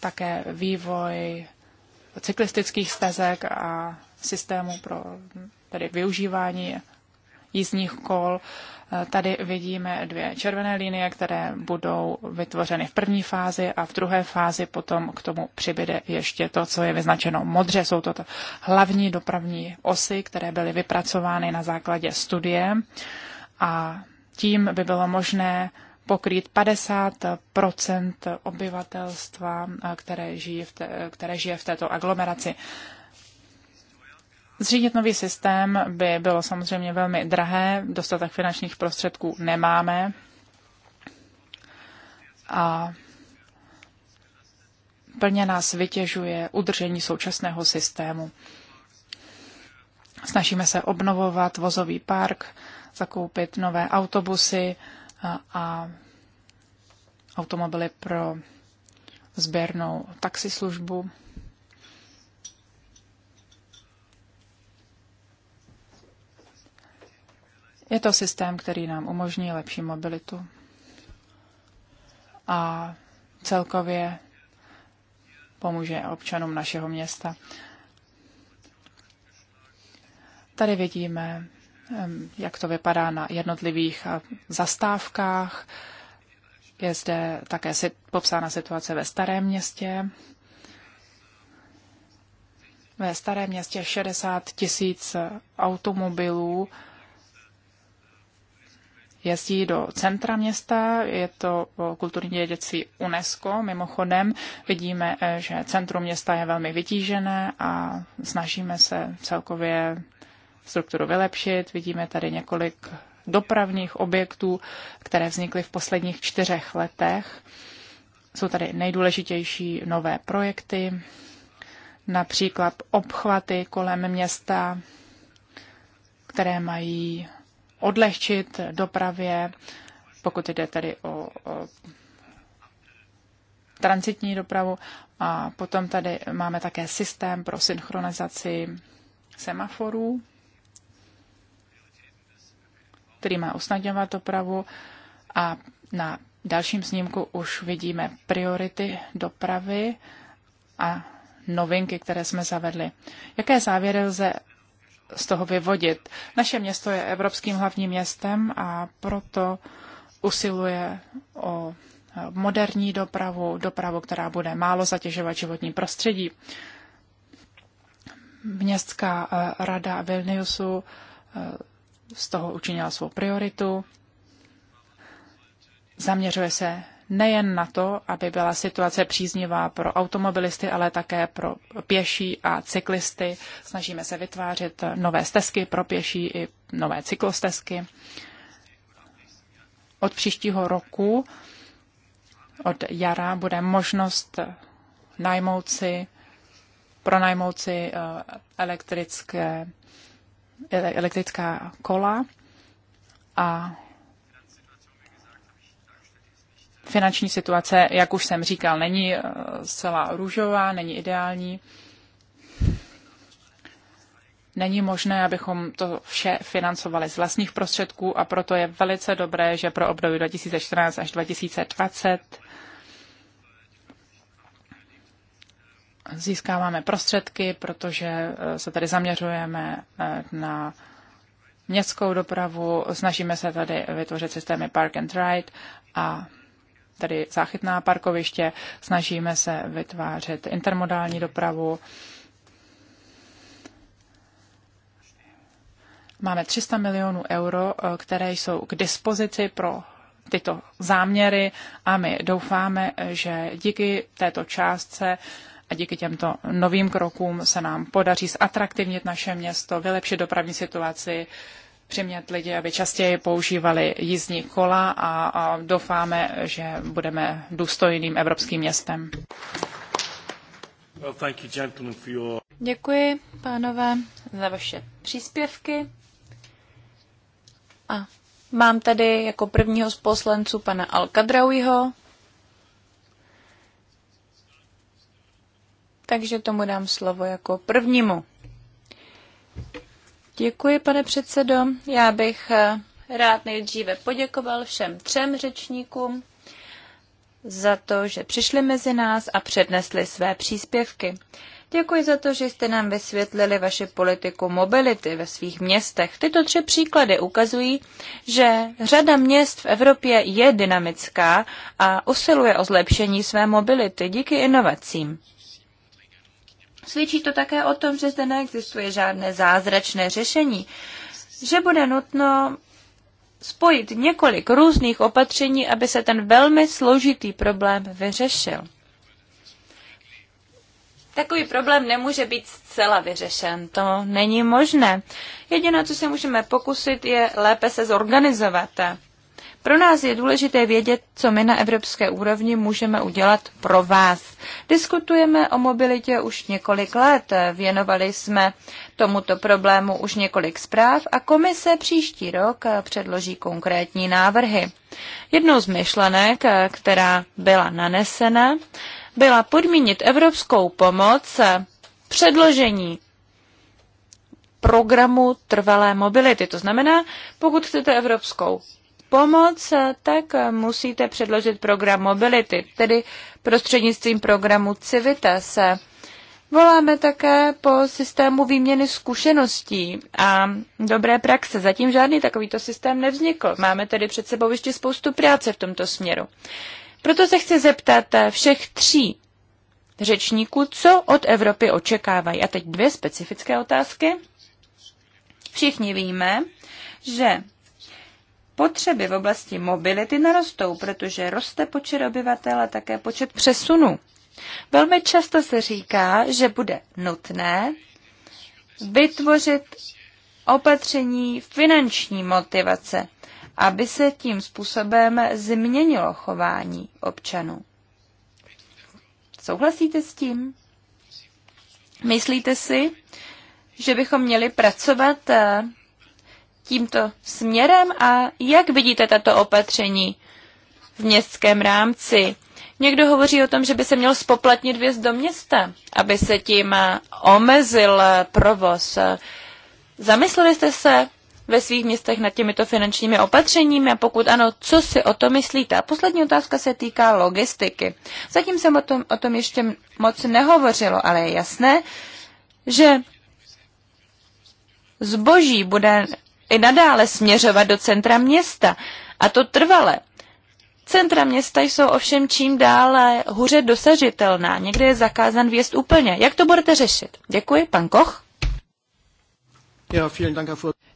také vývoj cyklistických stezek a systému pro tedy využívání jízdních kol. Eh, tady vidíme dvě červené linie, které budou vytvořeny v první fázi a v druhé fázi potom k tomu přibude ještě to, co je vyznačeno modře. Jsou to hlavní dopravní osy, které byly vypracovány na základě studie a tím by bylo možné pokrýt 50 obyvatelstva, eh, které žije, v té, eh, které žije v této aglomeraci. Zřídit nový systém by bylo samozřejmě velmi drahé, dostatek finančních prostředků nemáme. A plně nás vytěžuje udržení současného systému. Snažíme se obnovovat vozový park, zakoupit nové autobusy, a automobily pro sběrnou taxislužbu. Je to systém, který nám umožní lepší mobilitu a celkově pomůže občanům našeho města. Tady vidíme jak to vypadá na jednotlivých eh, zastávkách. Je zde také popsána situace ve Starém městě. Ve Starém městě 60 tisíc eh, automobilů jezdí do centra města, je to eh, kulturní dědictví UNESCO. Mimochodem vidíme, že centrum města je velmi vytížené a snažíme se celkově strukturu vylepšit. Vidíme tady několik dopravních objektů, které vznikly v posledních čtyřech letech. Jsou tady nejdůležitější nové projekty, například obchvaty kolem města, které mají odlehčit dopravě, pokud jde tedy o, o transitní dopravu. A potom tady máme také systém pro synchronizaci semaforů který má usnadňovat dopravu a na dalším snímku už vidíme priority dopravy a novinky, které jsme zavedli. Jaké závěry lze z toho vyvodit? Naše město je evropským hlavním městem a proto usiluje o moderní dopravu, dopravu, která bude málo zatěžovat životní prostředí. Městská eh, rada Vilniusu eh, z toho učinila svou prioritu. Zaměřuje se nejen na to, aby byla situace příznivá pro automobilisty, ale také pro pěší a cyklisty. Snažíme se vytvářet nové stezky pro pěší i nové cyklostezky. Od příštího roku, od jara, bude možnost najmout si, pronajmout si eh, elektrické elektrická kola a finanční situace, jak už jsem říkal, není eh, zcela růžová, není ideální. Není možné, abychom to vše financovali z vlastních prostředků a proto je velice dobré, že pro období 2014 až 2020 získáváme prostředky, protože e, se tady zaměřujeme e, na městskou dopravu, snažíme se tady vytvořit systémy park and ride a tady záchytná parkoviště, snažíme se vytvářet intermodální dopravu. Máme 300 milionů euro, e, které jsou k dispozici pro tyto záměry a my doufáme, že díky této částce a díky těmto novým krokům se nám podaří zatraktivnit naše město, vylepšit dopravní situaci, přimět lidi, aby častěji používali jízdní kola a, a doufáme, že budeme důstojným evropským městem. Děkuji, pánové, za vaše příspěvky. A mám tady jako prvního z poslanců pana Alkadrauiho, takže tomu dám slovo jako prvnímu. Děkuji, pane předsedo. Já bych eh, rád nejdříve poděkoval všem třem řečníkům za to, že přišli mezi nás a přednesli své příspěvky. Děkuji za to, že jste nám vysvětlili vaši politiku mobility ve svých městech. Tyto tři příklady ukazují, že řada měst v Evropě je dynamická a usiluje o zlepšení své mobility díky inovacím. Svědčí to také o tom, že zde neexistuje žádné zázračné řešení, že bude nutno spojit několik různých opatření, aby se ten velmi složitý problém vyřešil. Takový problém nemůže být zcela vyřešen, to není možné. Jediné, co se můžeme pokusit, je lépe se zorganizovat. Pro nás je důležité vědět, co my na evropské úrovni můžeme udělat pro vás. Diskutujeme o mobilitě už několik let, věnovali jsme tomuto problému už několik zpráv a komise příští rok předloží konkrétní návrhy. Jednou z myšlenek, která byla nanesena, byla podmínit evropskou pomoc předložení programu trvalé mobility. To znamená, pokud chcete evropskou pomoc, tak musíte předložit program mobility, tedy prostřednictvím programu Civitas. Voláme také po systému výměny zkušeností a dobré praxe. Zatím žádný takovýto systém nevznikl. Máme tedy před sebou ještě spoustu práce v tomto směru. Proto se chci zeptat všech tří řečníků, co od Evropy očekávají. A teď dvě specifické otázky. Všichni víme, že potřeby v oblasti mobility narostou, protože roste počet obyvatel a také počet přesunů. Velmi často se říká, že bude nutné vytvořit opatření finanční motivace, aby se tím způsobem změnilo chování občanů. Souhlasíte s tím? Myslíte si, že bychom měli pracovat eh, tímto směrem a jak vidíte tato opatření v městském rámci? Někdo hovoří o tom, že by se měl spoplatnit vjezd do města, aby se tím omezil provoz. Zamysleli jste se ve svých městech nad těmito finančními opatřeními a pokud ano, co si o to myslíte? A poslední otázka se týká logistiky. Zatím jsem o tom, o tom ještě moc nehovořilo, ale je jasné, že zboží bude i nadále směřovat do centra města. A to trvale. Centra města jsou ovšem čím dále hůře dosažitelná. Někde je zakázan vjezd úplně. Jak to budete řešit? Děkuji, pan Koch.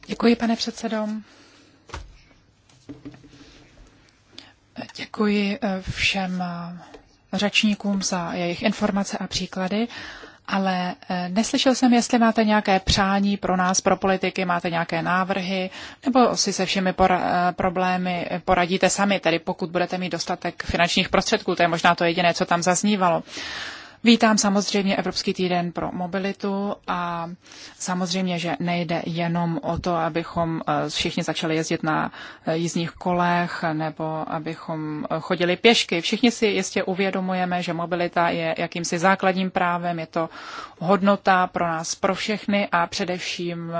Děkuji, pane předsedo. Děkuji eh, všem eh, řečníkům za jejich informace a příklady ale eh, neslyšel jsem, jestli máte nějaké přání pro nás, pro politiky, máte nějaké návrhy, nebo si se všemi pora- eh, problémy poradíte sami, tedy pokud budete mít dostatek finančních prostředků, to je možná to jediné, co tam zaznívalo. Vítám samozřejmě Evropský týden pro mobilitu a samozřejmě, že nejde jenom o to, abychom eh, všichni začali jezdit na eh, jízdních kolech nebo abychom eh, chodili pěšky. Všichni si jistě uvědomujeme, že mobilita je jakýmsi základním právem, je to hodnota pro nás, pro všechny a především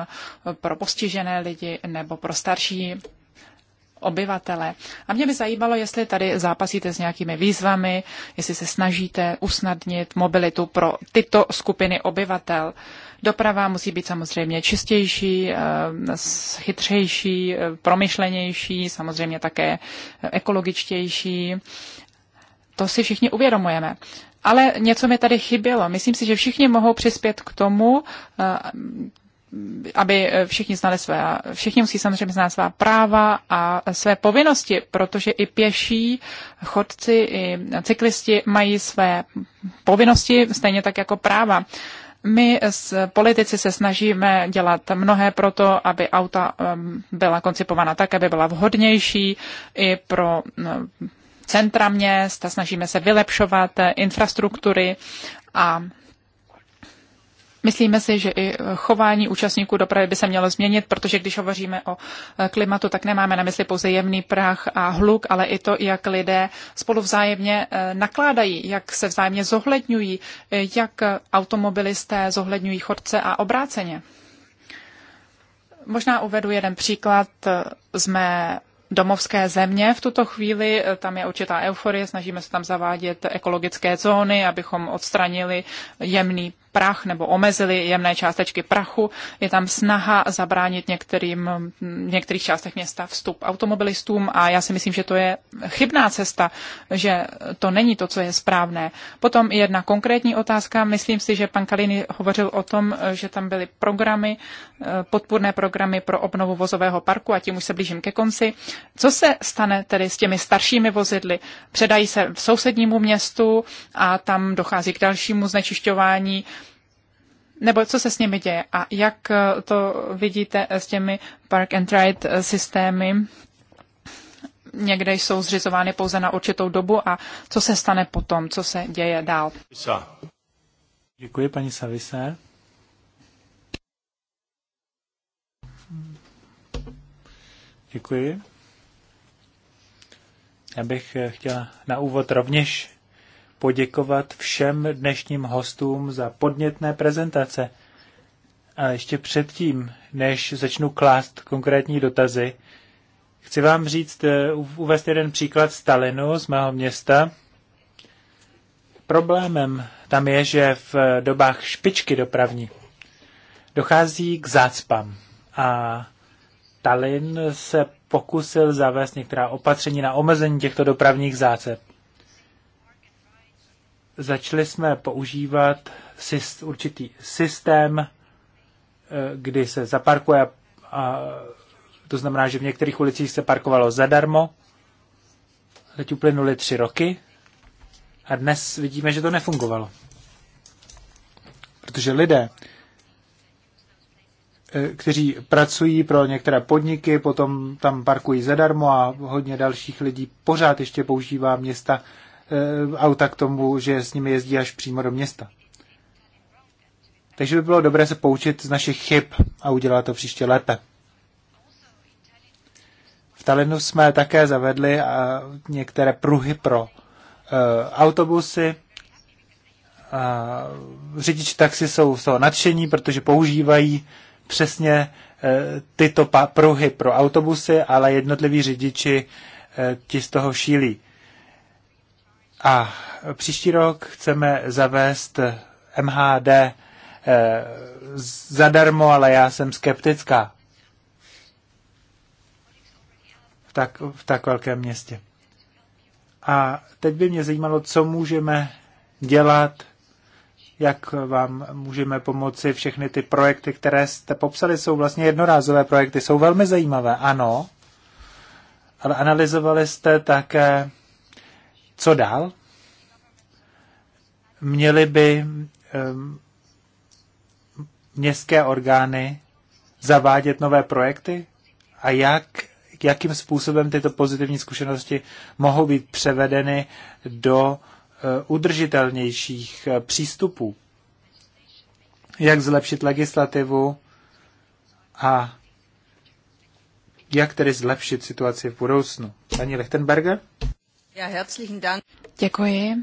pro postižené lidi nebo pro starší obyvatele. A mě by zajímalo, jestli tady zápasíte s nějakými výzvami, jestli se snažíte usnadnit mobilitu pro tyto skupiny obyvatel. Doprava musí být samozřejmě čistější, eh, chytřejší, eh, promyšlenější, samozřejmě také eh, ekologičtější. To si všichni uvědomujeme. Ale něco mi tady chybělo. Myslím si, že všichni mohou přispět k tomu, aby eh, všichni znali své, všichni musí samozřejmě znát svá práva a své povinnosti, protože i pěší, chodci, i cyklisti mají své povinnosti, stejně tak jako práva. My s politici se snažíme dělat mnohé proto, aby auta eh, byla koncipována tak, aby byla vhodnější i pro eh, centra měst a snažíme se vylepšovat infrastruktury a Myslíme si, že i chování účastníků dopravy by se mělo změnit, protože když hovoříme o eh, klimatu, tak nemáme na mysli pouze jemný prach a hluk, ale i to, jak lidé spolu vzájemně eh, nakládají, jak se vzájemně zohledňují, eh, jak automobilisté zohledňují chodce a obráceně. Možná uvedu jeden příklad z mé domovské země v tuto chvíli. Tam je určitá euforie, snažíme se tam zavádět ekologické zóny, abychom odstranili jemný prach nebo omezili jemné částečky prachu. Je tam snaha zabránit některým, některých částech města vstup automobilistům a já si myslím, že to je chybná cesta, že to není to, co je správné. Potom jedna konkrétní otázka. Myslím si, že pan Kaliny hovořil o tom, že tam byly programy, eh, podpůrné programy pro obnovu vozového parku a tím už se blížím ke konci. Co se stane tedy s těmi staršími vozidly? Předají se v sousednímu městu a tam dochází k dalšímu znečišťování nebo co se s nimi děje a jak eh, to vidíte eh, s těmi park and ride eh, systémy, někde jsou zřizovány pouze na určitou dobu a co se stane potom, co se děje dál. Děkuji, paní Savise. Děkuji. Já bych chtěla na úvod rovněž poděkovat všem dnešním hostům za podnětné prezentace. A ještě předtím, než začnu klást konkrétní dotazy, chci vám říct, eh, uvést jeden příklad Stalinu z mého města. Problémem tam je, že v dobách špičky dopravní dochází k zácpám a Stalin se pokusil zavést některá opatření na omezení těchto dopravních zácep začali jsme používat syst, určitý systém, eh, kdy se zaparkuje a to znamená, že v některých ulicích se parkovalo zadarmo. Teď uplynuly tři roky a dnes vidíme, že to nefungovalo. Protože lidé, eh, kteří pracují pro některé podniky, potom tam parkují zadarmo a hodně dalších lidí pořád ještě používá města Eh, auta k tomu, že s nimi jezdí až přímo do města. Takže by bylo dobré se poučit z našich chyb a udělat to příště lépe. V Talinu jsme také zavedli některé pruhy pro eh, autobusy. řidiči taxi jsou z toho nadšení, protože používají přesně eh, tyto pruhy pro autobusy, ale jednotliví řidiči ti z toho šílí. A příští rok chceme zavést MHD eh, zadarmo, ale já jsem skeptická. V tak, v tak velkém městě. A teď by mě zajímalo, co můžeme dělat, jak vám můžeme pomoci. Všechny ty projekty, které jste popsali, jsou vlastně jednorázové projekty, jsou velmi zajímavé, ano. Ale analyzovali jste také co dál? Měly by um, městské orgány zavádět nové projekty? A jak, jakým způsobem tyto pozitivní zkušenosti mohou být převedeny do uh, udržitelnějších uh, přístupů? Jak zlepšit legislativu a jak tedy zlepšit situaci v budoucnu? Paní Lichtenberger? herzlichen Dank. Děkuji.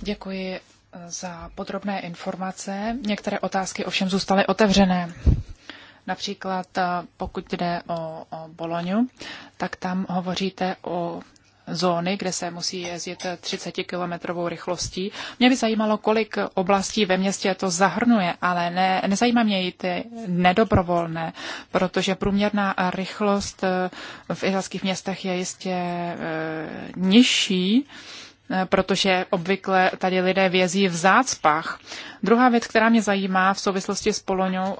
Děkuji eh, za podrobné informace. Některé otázky ovšem zůstaly otevřené. Například eh, pokud jde o, o Boloňu, tak tam hovoříte o zóny, kde se musí jezdit 30 kilometrovou rychlostí. Mě by zajímalo, kolik oblastí ve městě to zahrnuje, ale ne, nezajímá mě i ty nedobrovolné, protože průměrná rychlost eh, v italských městech je jistě eh, nižší eh, protože obvykle tady lidé vězí v zácpách. Druhá věc, která mě zajímá v souvislosti s Poloňou,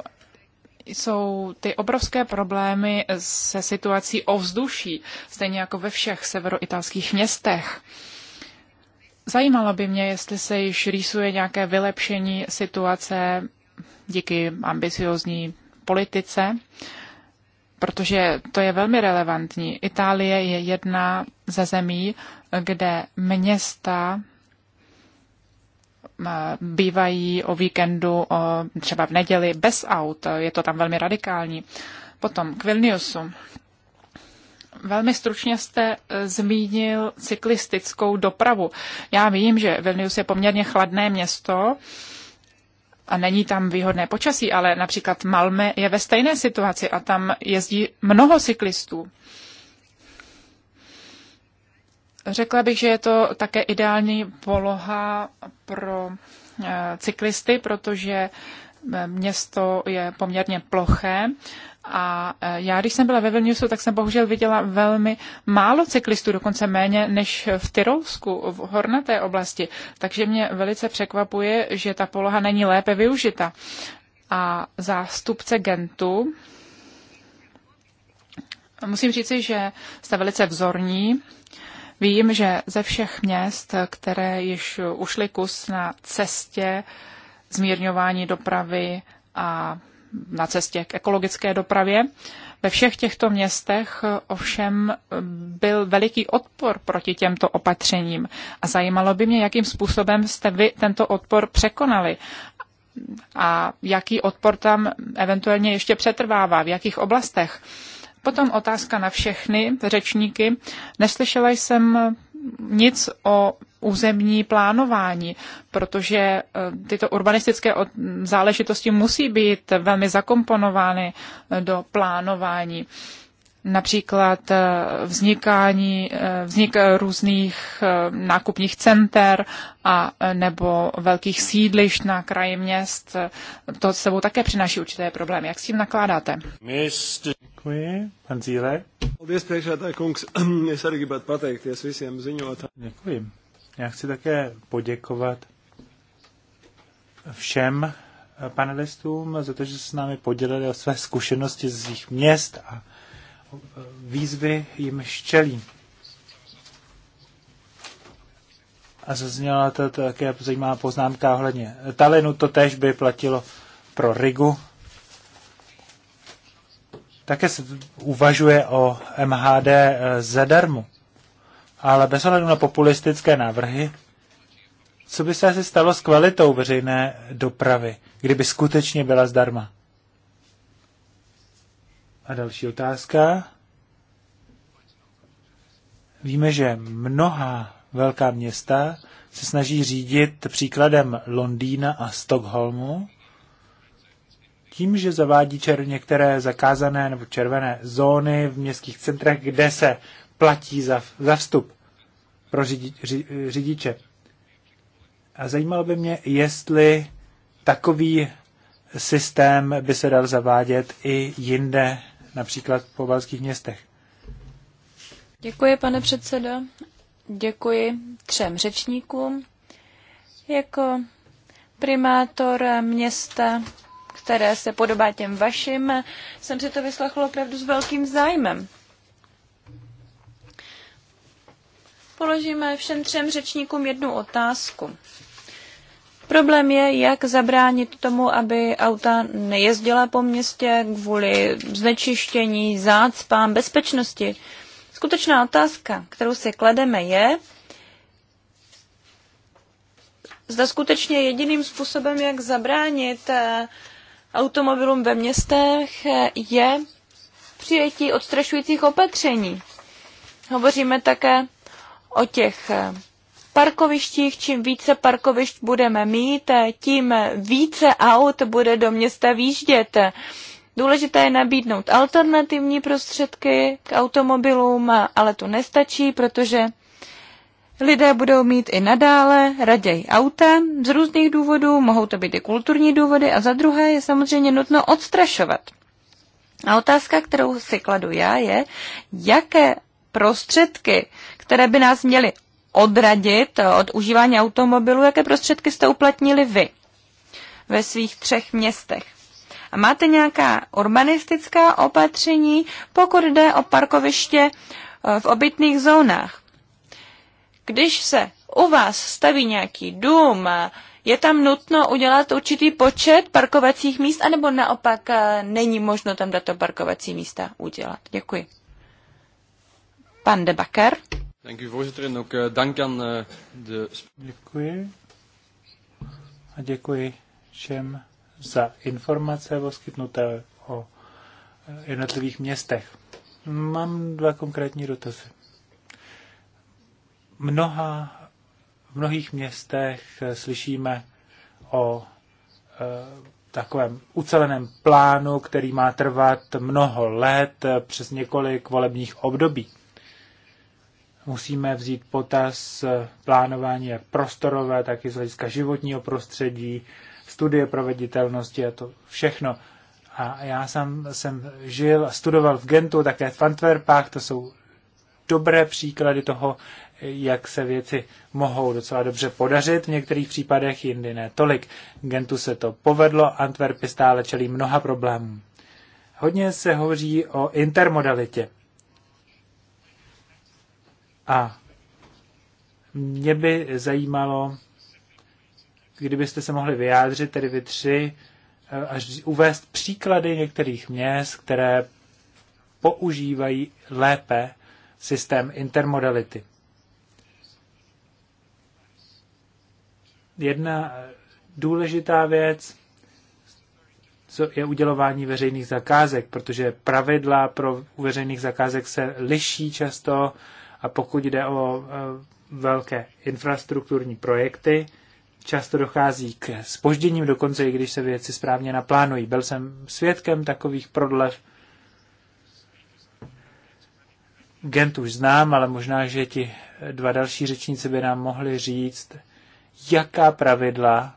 jsou ty obrovské problémy se situací ovzduší, stejně jako ve všech severoitalských městech. Zajímalo by mě, jestli se již rýsuje nějaké vylepšení situace díky ambiciozní politice, protože to je velmi relevantní. Itálie je jedna ze zemí, kde města Eh, bývají o víkendu, třeba v neděli, bez aut. Je to tam velmi radikální. Potom k Vilniusu. Velmi stručně jste eh, zmínil cyklistickou dopravu. Já vím, že Vilnius je poměrně chladné město a není tam výhodné počasí, ale například Malme je ve stejné situaci a tam jezdí mnoho cyklistů. Řekla bych, že je to také ideální poloha pro eh, cyklisty, protože eh, město je poměrně ploché a eh, já, když jsem byla ve Vilniusu, tak jsem bohužel viděla velmi málo cyklistů, dokonce méně než v Tyrolsku, v hornaté oblasti. Takže mě velice překvapuje, že ta poloha není lépe využita. A zástupce Gentu, musím říci, že jste velice vzorní Vím, že ze všech měst, které již ušly kus na cestě zmírňování dopravy a na cestě k ekologické dopravě, ve všech těchto městech ovšem byl veliký odpor proti těmto opatřením a zajímalo by mě, jakým způsobem jste vy tento odpor překonali a jaký odpor tam eventuálně ještě přetrvává, v jakých oblastech. Potom otázka na všechny řečníky. Neslyšela jsem nic o územní plánování, protože e, tyto urbanistické záležitosti musí být velmi zakomponovány e, do plánování například eh, vznikání, eh, vznik eh, různých nákupních center a nebo velkých sídlišť na kraji měst. To s sebou také přináší určité problémy. Jak s tím nakládáte? Děkuji. Pan Zíle. Děkuji. Já chci také poděkovat všem panelistům za to, že se s námi podělili o své zkušenosti z jejich měst a výzvy jim ščelí. A zazněla to také zajímavá poznámka ohledně Talinu, to tež by platilo pro Rigu. Také se uvažuje o MHD eh, zadarmo. Ale bez ohledu na populistické návrhy, co by se asi stalo s kvalitou veřejné dopravy, kdyby skutečně byla zdarma? A další otázka. Víme, že mnoha velká města se snaží řídit příkladem Londýna a Stockholmu, tím, že zavádí čer některé zakázané nebo červené zóny v městských centrech, kde se platí za, za vstup pro řidi, ři, řidiče. A zajímalo by mě, jestli takový systém by se dal zavádět i jinde například po balských městech. Děkuji, pane předsedo. Děkuji třem řečníkům. Jako primátor města, které se podobá těm vašim, jsem si to vyslechla opravdu s velkým zájmem. Položíme všem třem řečníkům jednu otázku. Problém je, jak zabránit tomu, aby auta nejezdila po městě kvůli znečištění, zácpám, bezpečnosti. Skutečná otázka, kterou si klademe, je, zda skutečně jediným způsobem, jak zabránit eh, automobilům ve městech, eh, je přijetí odstrašujících opatření. Hovoříme také o těch eh, parkovištích. Čím více parkovišť budeme mít, tím více aut bude do města výjíždět. Důležité je nabídnout alternativní prostředky k automobilům, ale to nestačí, protože lidé budou mít i nadále raději auta z různých důvodů, mohou to být i kulturní důvody a za druhé je samozřejmě nutno odstrašovat. A otázka, kterou si kladu já, je, jaké prostředky, které by nás měly odradit od užívání automobilu, jaké prostředky jste uplatnili vy ve svých třech městech? A máte nějaká urbanistická opatření, pokud jde o parkoviště eh, v obytných zónách? Když se u vás staví nějaký dům, je tam nutno udělat určitý počet parkovacích míst, anebo naopak eh, není možno tam dato parkovací místa udělat? Děkuji. Pan Debaker. Dank u voorzitter en ook eh, dank aan eh, de... Děkuji. A děkuji všem za informace poskytnuté o eh, jednotlivých městech. Mám dva konkrétní dotazy. Mnoha, v mnohých městech slyšíme o e, takovém uceleném plánu, který má trvat mnoho let přes několik volebních období musíme vzít potaz plánování jak prostorové, tak i z hlediska životního prostředí, studie proveditelnosti a to všechno. A já sám jsem žil a studoval v Gentu, také v Antwerpách, to jsou dobré příklady toho, jak se věci mohou docela dobře podařit, v některých případech jindy ne tolik. Gentu se to povedlo, Antwerpy stále čelí mnoha problémů. Hodně se hovoří o intermodalitě. A mě by zajímalo, kdybyste se mohli vyjádřit, tedy vy tři, eh, až uvést příklady některých měst, které používají lépe systém intermodality. Jedna důležitá věc co je udělování veřejných zakázek, protože pravidla pro veřejných zakázek se liší často a pokud jde o eh, velké infrastrukturní projekty, často dochází k spožděním, dokonce i když se věci správně naplánují. Byl jsem svědkem takových prodlev. Gent už znám, ale možná, že ti dva další řečníci by nám mohli říct, jaká pravidla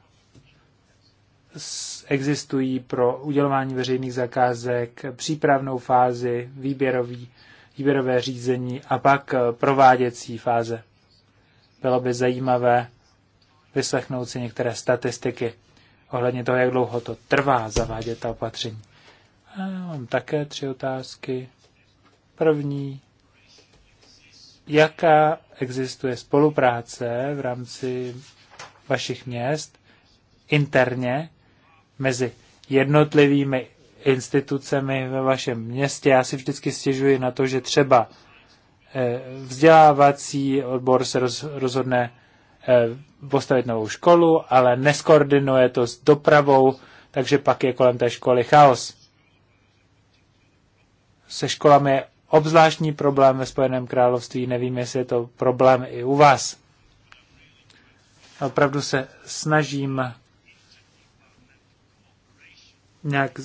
existují pro udělování veřejných zakázek, přípravnou fázi, výběrový výběrové řízení a pak eh, prováděcí fáze. Bylo by zajímavé vyslechnout si některé statistiky ohledně toho, jak dlouho to trvá zavádět ta opatření. A mám také tři otázky. První, jaká existuje spolupráce v rámci vašich měst interně mezi jednotlivými institucemi ve vašem městě. Já si vždycky stěžuji na to, že třeba eh, vzdělávací odbor se rozhodne eh, postavit novou školu, ale neskoordinuje to s dopravou, takže pak je kolem té školy chaos. Se školami je obzvláštní problém ve Spojeném království, nevím, jestli je to problém i u vás. Opravdu se snažím nějak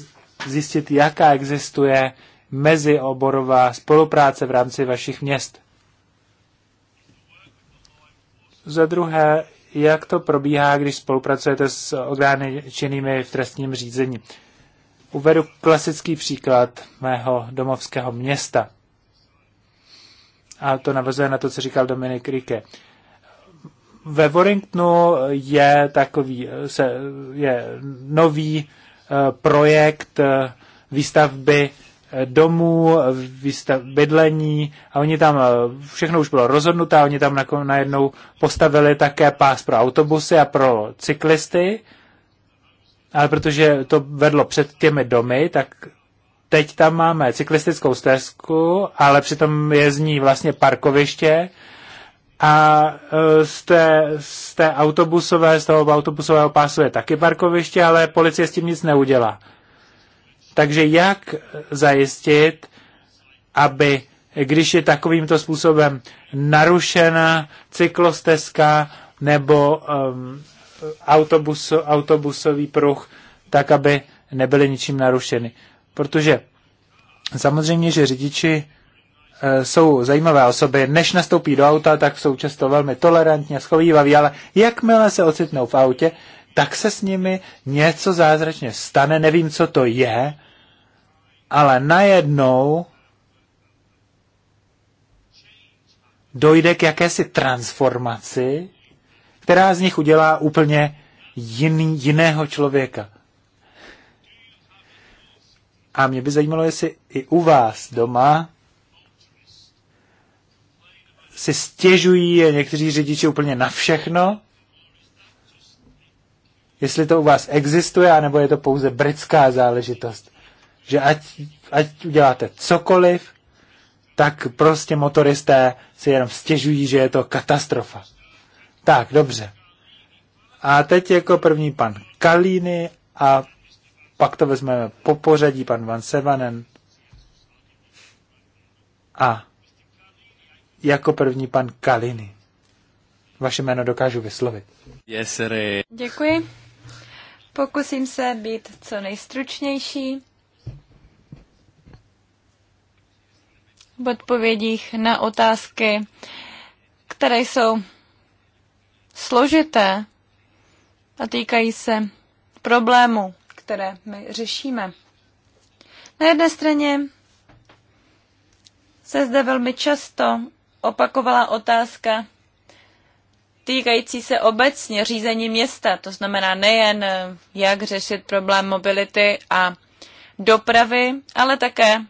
zjistit, jaká existuje mezioborová spolupráce v rámci vašich měst. Za druhé, jak to probíhá, když spolupracujete s orgány činnými v trestním řízení. Uvedu klasický příklad mého domovského města. A to navazuje na to, co říkal Dominik Rike. Ve Warringtonu je takový, se, je nový Eh, projekt eh, výstavby eh, domů, výstav, bydlení a oni tam, všechno už bylo rozhodnuté, oni tam najednou postavili také pás pro autobusy a pro cyklisty, ale protože to vedlo před těmi domy, tak teď tam máme cyklistickou stezku, ale přitom je z ní vlastně parkoviště a e, z té, z té autobusové, z toho autobusového pásu je taky parkoviště, ale policie s tím nic neudělá. Takže jak zajistit, aby když je takovýmto způsobem narušena cyklostezka nebo um, autobus, autobusový pruh, tak aby nebyly ničím narušeny. Protože samozřejmě, že řidiči Eh, jsou zajímavé osoby, než nastoupí do auta, tak jsou často velmi tolerantní a schovývaví, ale jakmile se ocitnou v autě, tak se s nimi něco zázračně stane, nevím, co to je, ale najednou dojde k jakési transformaci, která z nich udělá úplně jiný, jiného člověka. A mě by zajímalo, jestli i u vás doma si stěžují někteří řidiči úplně na všechno. Jestli to u vás existuje, anebo je to pouze britská záležitost. Že ať, ať uděláte cokoliv, tak prostě motoristé si jenom stěžují, že je to katastrofa. Tak, dobře. A teď jako první pan Kalíny a pak to vezmeme po pořadí pan Van Sevanen a jako první pan Kaliny. Vaše jméno dokážu vyslovit. Děkuji. Pokusím se být co nejstručnější. V odpovědích na otázky, které jsou složité a týkají se problémů, které my řešíme. Na jedné straně se zde velmi často opakovala otázka týkající se obecně řízení města, to znamená nejen eh, jak řešit problém mobility a dopravy, ale také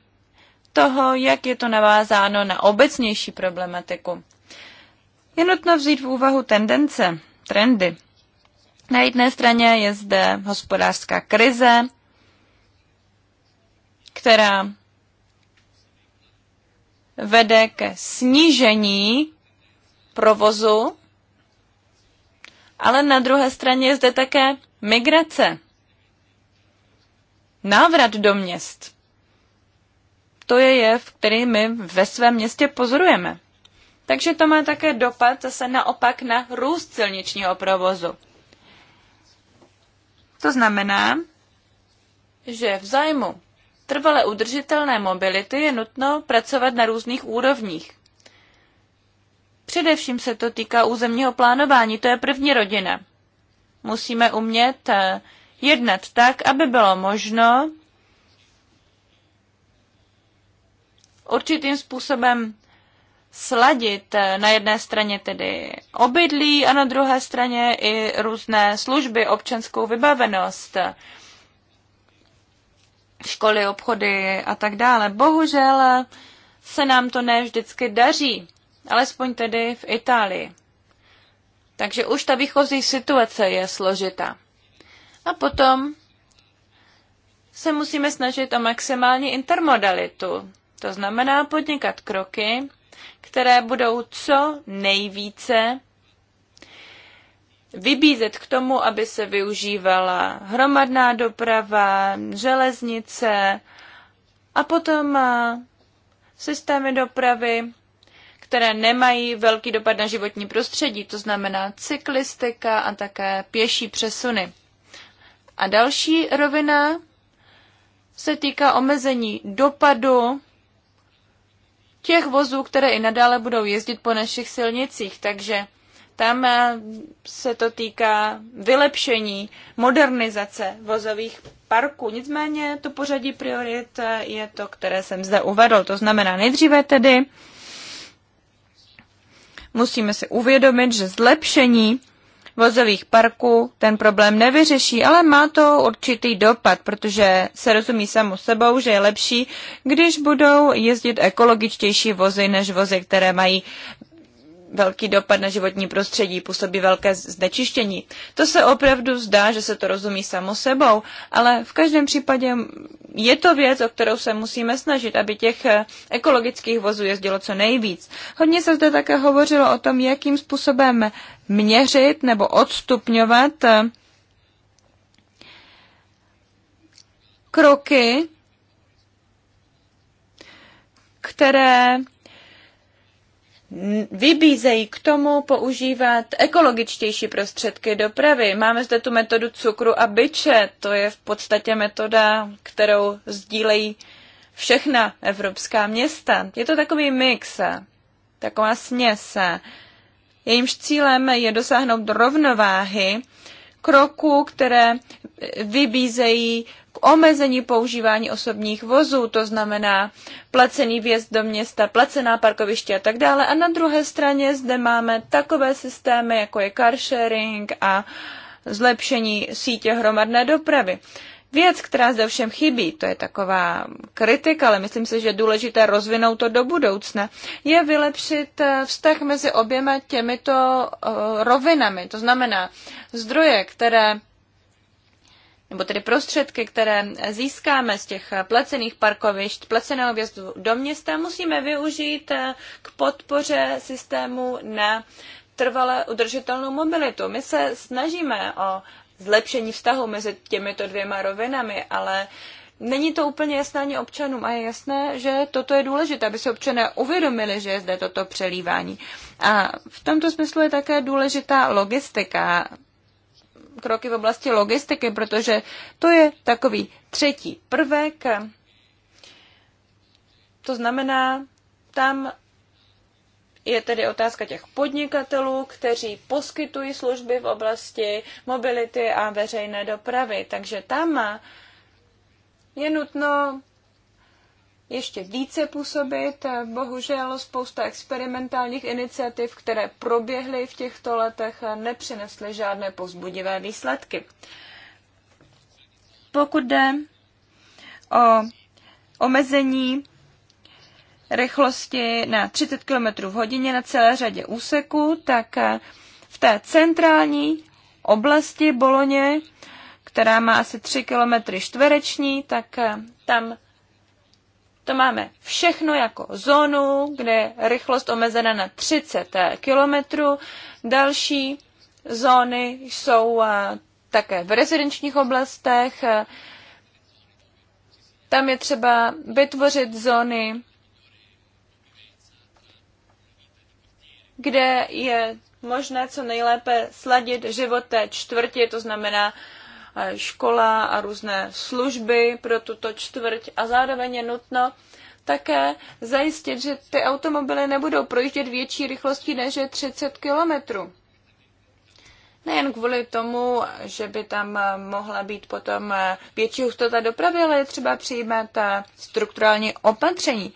toho, jak je to navázáno na obecnější problematiku. Je nutno vzít v úvahu tendence, trendy. Na jedné straně je zde hospodářská krize, která vede ke snížení provozu, ale na druhé straně je zde také migrace, návrat do měst. To je jev, který my ve svém městě pozorujeme. Takže to má také dopad zase naopak na růst silničního provozu. To znamená, že v zájmu trvale udržitelné mobility je nutno pracovat na různých úrovních. Především se to týká územního plánování, to je první rodina. Musíme umět eh, jednat tak, aby bylo možno určitým způsobem sladit eh, na jedné straně tedy obydlí a na druhé straně i různé služby, občanskou vybavenost školy, obchody a tak dále. Bohužel se nám to ne vždycky daří, alespoň tedy v Itálii. Takže už ta výchozí situace je složitá. A potom se musíme snažit o maximální intermodalitu. To znamená podnikat kroky, které budou co nejvíce vybízet k tomu, aby se využívala hromadná doprava, železnice a potom eh, systémy dopravy, které nemají velký dopad na životní prostředí, to znamená cyklistika a také pěší přesuny. A další rovina se týká omezení dopadu těch vozů, které i nadále budou jezdit po našich silnicích. Takže tam eh, se to týká vylepšení, modernizace vozových parků. Nicméně to pořadí priorit eh, je to, které jsem zde uvedl. To znamená nejdříve tedy musíme si uvědomit, že zlepšení vozových parků ten problém nevyřeší, ale má to určitý dopad, protože se rozumí samo sebou, že je lepší, když budou jezdit ekologičtější vozy než vozy, které mají velký dopad na životní prostředí, působí velké znečištění. To se opravdu zdá, že se to rozumí samo sebou, ale v každém případě je to věc, o kterou se musíme snažit, aby těch eh, ekologických vozů jezdilo co nejvíc. Hodně se zde také hovořilo o tom, jakým způsobem měřit nebo odstupňovat eh, kroky, které vybízejí k tomu používat ekologičtější prostředky dopravy. Máme zde tu metodu cukru a byče, to je v podstatě metoda, kterou sdílejí všechna evropská města. Je to takový mix, taková směs. Jejímž cílem je dosáhnout rovnováhy kroků, které vybízejí k omezení používání osobních vozů, to znamená placený vjezd do města, placená parkoviště a tak dále. A na druhé straně zde máme takové systémy, jako je car sharing a zlepšení sítě hromadné dopravy. Věc, která zde všem chybí, to je taková kritika, ale myslím si, že je důležité rozvinout to do budoucna, je vylepšit eh, vztah mezi oběma těmito eh, rovinami. To znamená zdroje, které nebo tedy prostředky, které získáme z těch placených parkovišť, placeného vjezdu do města, musíme využít eh, k podpoře systému na trvale udržitelnou mobilitu. My se snažíme o zlepšení vztahu mezi těmito dvěma rovinami, ale není to úplně jasné ani občanům a je jasné, že toto je důležité, aby se občané uvědomili, že je zde toto přelívání. A v tomto smyslu je také důležitá logistika kroky v oblasti logistiky, protože to je takový třetí prvek. To znamená, tam je tedy otázka těch podnikatelů, kteří poskytují služby v oblasti mobility a veřejné dopravy. Takže tam je nutno ještě více působit. Bohužel spousta experimentálních iniciativ, které proběhly v těchto letech, nepřinesly žádné pozbudivé výsledky. Pokud jde o omezení rychlosti na 30 km v hodině na celé řadě úseků, tak v té centrální oblasti Boloně, která má asi 3 km čtvereční, tak tam to máme všechno jako zónu, kde je rychlost omezena na 30 eh, km. Další zóny jsou eh, také v rezidenčních oblastech. Tam je třeba vytvořit zóny, kde je možné co nejlépe sladit život té čtvrti, to znamená škola a různé služby pro tuto čtvrť a zároveň je nutno také zajistit, že ty automobily nebudou projíždět větší rychlostí než je 30 km. Nejen kvůli tomu, že by tam eh, mohla být potom eh, větší hustota dopravy, ale je třeba přijímat eh, strukturální opatření.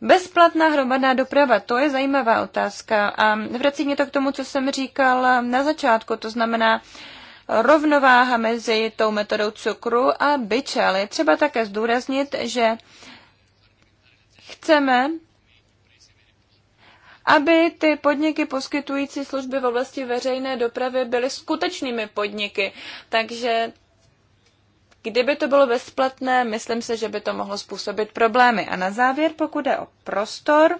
Bezplatná hromadná doprava, to je zajímavá otázka. A vrací mě to k tomu, co jsem říkal na začátku, to znamená, rovnováha mezi tou metodou cukru a byče, ale je třeba také zdůraznit, že chceme, aby ty podniky poskytující služby v oblasti veřejné dopravy byly skutečnými podniky. Takže Kdyby to bylo bezplatné, myslím se, že by to mohlo způsobit problémy. A na závěr, pokud je o prostor,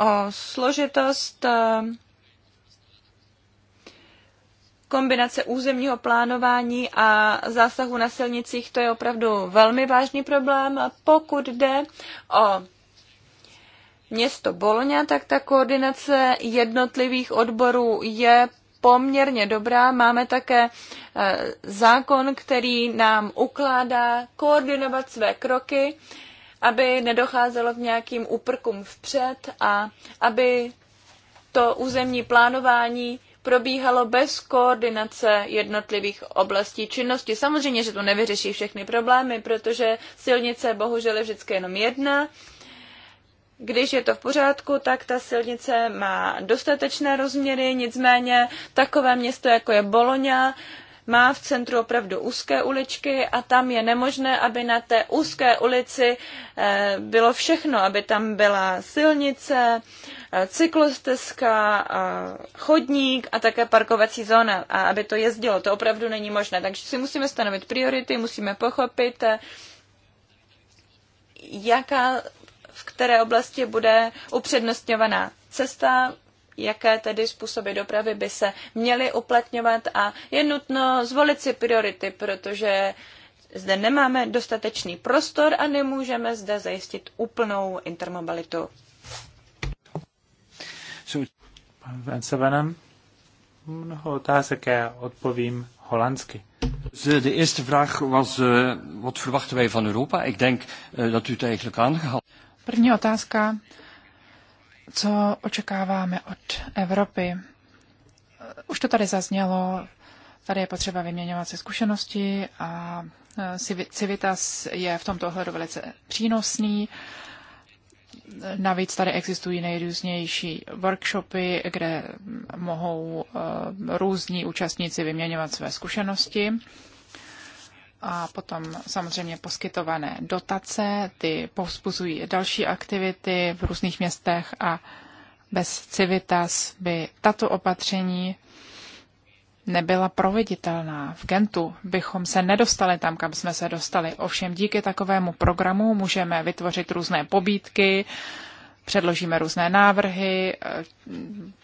o složitost eh, kombinace územního plánování a zásahu na silnicích, to je opravdu velmi vážný problém. Pokud jde o město Bologna, tak ta koordinace jednotlivých odborů je poměrně dobrá. Máme také eh, zákon, který nám ukládá koordinovat své kroky, aby nedocházelo k nějakým úprkům vpřed a aby to územní plánování probíhalo bez koordinace jednotlivých oblastí činnosti. Samozřejmě, že to nevyřeší všechny problémy, protože silnice bohužel je vždycky jenom jedna. Když je to v pořádku, tak ta silnice má dostatečné rozměry, nicméně takové město, jako je Boloňa, má v centru opravdu úzké uličky a tam je nemožné, aby na té úzké ulici eh, bylo všechno, aby tam byla silnice, eh, cyklostezka, eh, chodník a také parkovací zóna a aby to jezdilo. To opravdu není možné. Takže si musíme stanovit priority, musíme pochopit, jaká v které oblasti bude upřednostňovaná cesta jaké tedy způsoby dopravy by se měly uplatňovat a je nutno zvolit si priority, protože zde nemáme dostatečný prostor a nemůžeme zde zajistit úplnou intermobilitu. Pan Sevenem, mnoho otázek já odpovím holandsky. Eh, de eerste vraag was, eh, wat verwachten wij van Europa? Ik denk eh, dat u het eigenlijk aangehaald. První otázka co očekáváme od Evropy. Už to tady zaznělo, tady je potřeba vyměňovat se zkušenosti a e, Civitas je v tomto ohledu velice přínosný. Navíc tady existují nejrůznější workshopy, kde mohou e, různí účastníci vyměňovat své zkušenosti a potom samozřejmě poskytované dotace, ty povzbuzují další aktivity v různých městech a bez Civitas by tato opatření nebyla proveditelná. V Gentu bychom se nedostali tam, kam jsme se dostali. Ovšem díky takovému programu můžeme vytvořit různé pobídky, předložíme různé návrhy,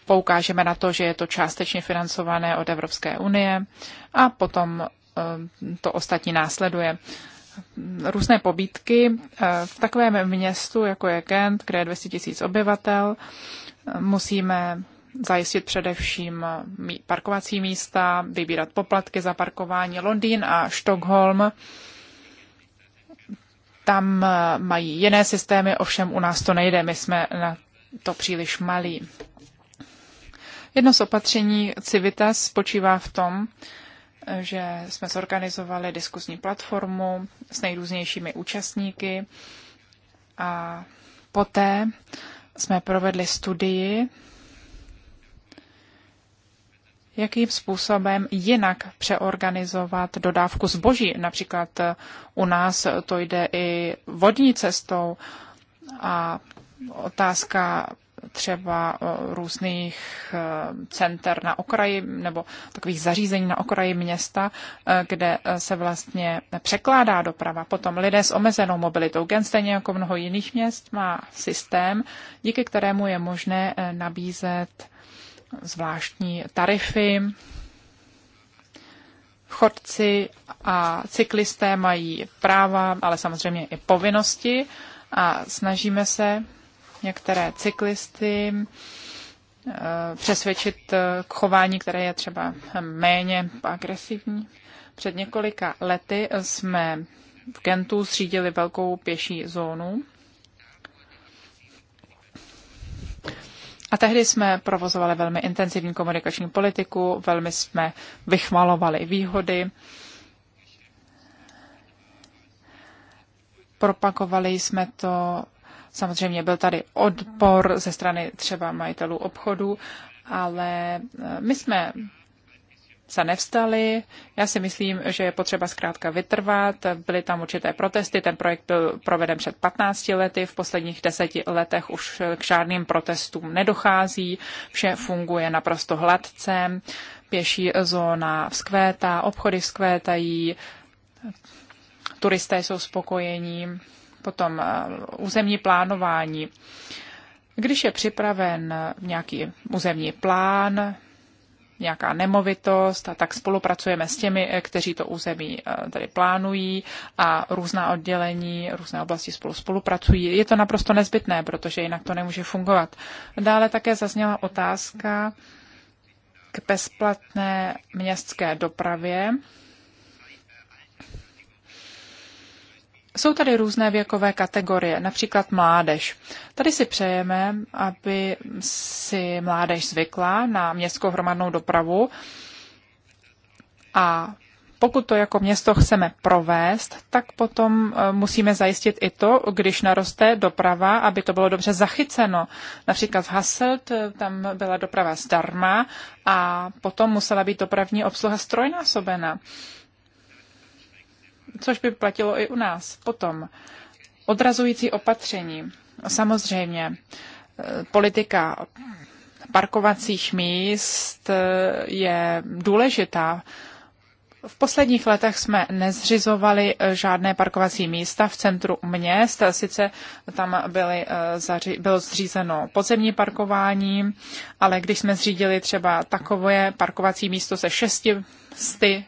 poukážeme na to, že je to částečně financované od Evropské unie a potom Eh, to ostatní následuje. Různé pobítky eh, v takovém městu, jako je Kent, kde je 200 tisíc obyvatel, eh, musíme zajistit především parkovací místa, vybírat poplatky za parkování. Londýn a Štokholm tam mají jiné systémy, ovšem u nás to nejde, my jsme na to příliš malí. Jedno z opatření Civitas spočívá v tom, že jsme zorganizovali diskuzní platformu s nejrůznějšími účastníky a poté jsme provedli studii, jakým způsobem jinak přeorganizovat dodávku zboží. Například u nás to jde i vodní cestou a otázka třeba eh, různých eh, center na okraji nebo takových zařízení na okraji města, eh, kde se vlastně překládá doprava. Potom lidé s omezenou mobilitou. Gen stejně jako mnoho jiných měst má systém, díky kterému je možné nabízet zvláštní tarify. Chodci a cyklisté mají práva, ale samozřejmě i povinnosti a snažíme se některé cyklisty eh, přesvědčit eh, k chování, které je třeba méně agresivní. Před několika lety jsme v Gentu zřídili velkou pěší zónu. A tehdy jsme provozovali velmi intenzivní komunikační politiku, velmi jsme vychvalovali výhody, propagovali jsme to Samozřejmě byl tady odpor ze strany třeba majitelů obchodu, ale e, my jsme se nevstali. Já si myslím, že je potřeba zkrátka vytrvat. Byly tam určité protesty. Ten projekt byl proveden před 15 lety. V posledních deseti letech už k žádným protestům nedochází. Vše funguje naprosto hladce. Pěší zóna vzkvétá, obchody vzkvétají, turisté jsou spokojení. Potom eh, územní plánování. Když je připraven nějaký územní plán, nějaká nemovitost a tak spolupracujeme s těmi, eh, kteří to území eh, tady plánují a různá oddělení, různé oblasti spolu spolupracují. Je to naprosto nezbytné, protože jinak to nemůže fungovat. Dále také zazněla otázka k bezplatné městské dopravě. Jsou tady různé věkové kategorie, například mládež. Tady si přejeme, aby si mládež zvykla na městskou hromadnou dopravu a pokud to jako město chceme provést, tak potom e, musíme zajistit i to, když naroste doprava, aby to bylo dobře zachyceno. Například v Hasselt e, tam byla doprava zdarma a potom musela být dopravní obsluha strojnásobena což by platilo i u nás. Potom odrazující opatření. Samozřejmě eh, politika parkovacích míst eh, je důležitá. V posledních letech jsme nezřizovali eh, žádné parkovací místa v centru měst. Sice tam byly, bylo zřízeno podzemní parkování, ale když jsme zřídili třeba takové parkovací místo se šesti sty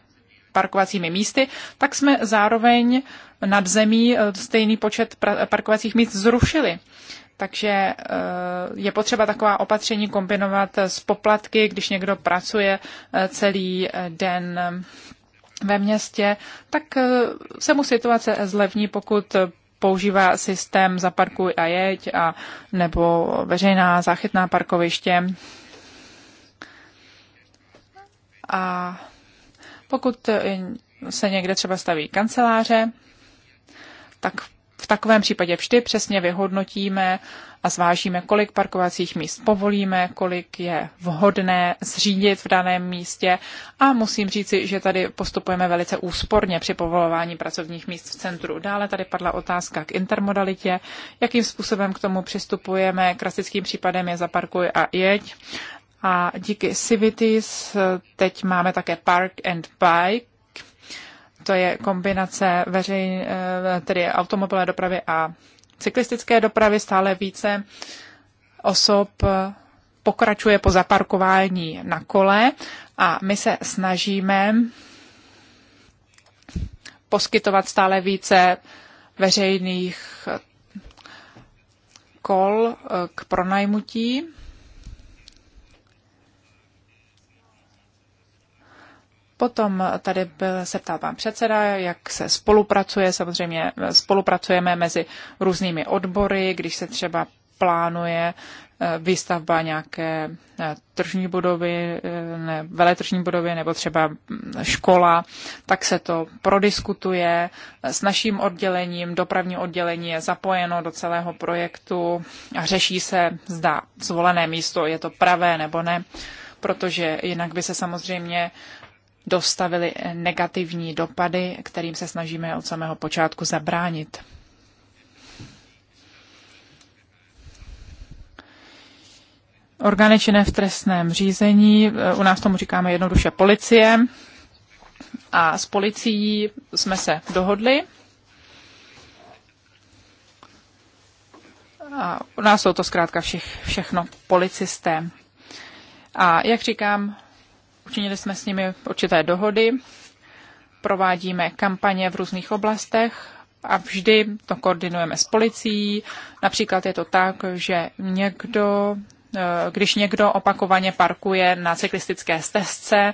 parkovacími místy, tak jsme zároveň nad zemí eh, stejný počet parkovacích míst zrušili. Takže eh, je potřeba taková opatření kombinovat s poplatky, když někdo pracuje eh, celý den ve městě, tak se mu situace zlevní, pokud používá systém zaparkuj a jeď a nebo veřejná záchytná parkoviště. A pokud eh, se někde třeba staví kanceláře, tak v takovém případě vždy přesně vyhodnotíme a zvážíme, kolik parkovacích míst povolíme, kolik je vhodné zřídit v daném místě a musím říci, že tady postupujeme velice úsporně při povolování pracovních míst v centru. Dále tady padla otázka k intermodalitě, jakým způsobem k tomu přistupujeme. Klasickým případem je zaparkuj a jeď a díky Civities eh, teď máme také Park and Bike, to je kombinace veřej, eh, tedy automobilové dopravy a cyklistické dopravy. Stále více osob eh, pokračuje po zaparkování na kole a my se snažíme poskytovat stále více veřejných kol k pronajmutí. Potom tady byl, se ptal pan předseda, jak se spolupracuje. Samozřejmě eh, spolupracujeme mezi různými odbory, když se třeba plánuje eh, výstavba nějaké eh, tržní budovy, ne, veletržní budovy nebo třeba mm, škola, tak se to prodiskutuje. S naším oddělením, dopravní oddělení je zapojeno do celého projektu a řeší se, zda zvolené místo je to pravé nebo ne, protože jinak by se samozřejmě dostavili negativní dopady, kterým se snažíme od samého počátku zabránit. Orgány v trestném řízení, u nás tomu říkáme jednoduše policie, a s policií jsme se dohodli. A u nás jsou to zkrátka všich, všechno policisté. A jak říkám, Učinili jsme s nimi určité dohody, provádíme kampaně v různých oblastech a vždy to koordinujeme s policií. Například je to tak, že někdo, eh, když někdo opakovaně parkuje na cyklistické stezce,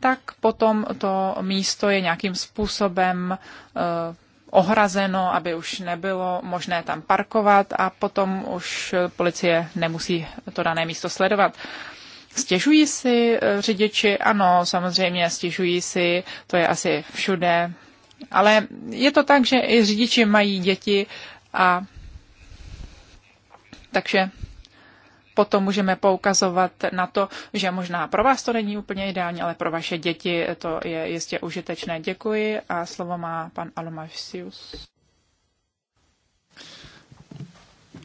tak potom to místo je nějakým způsobem eh, ohrazeno, aby už nebylo možné tam parkovat a potom už policie nemusí to dané místo sledovat. Stěžují si eh, řidiči? Ano, samozřejmě stěžují si, to je asi všude. Ale je to tak, že i řidiči mají děti a takže potom můžeme poukazovat na to, že možná pro vás to není úplně ideální, ale pro vaše děti to je jistě užitečné. Děkuji a slovo má pan Alomavsius.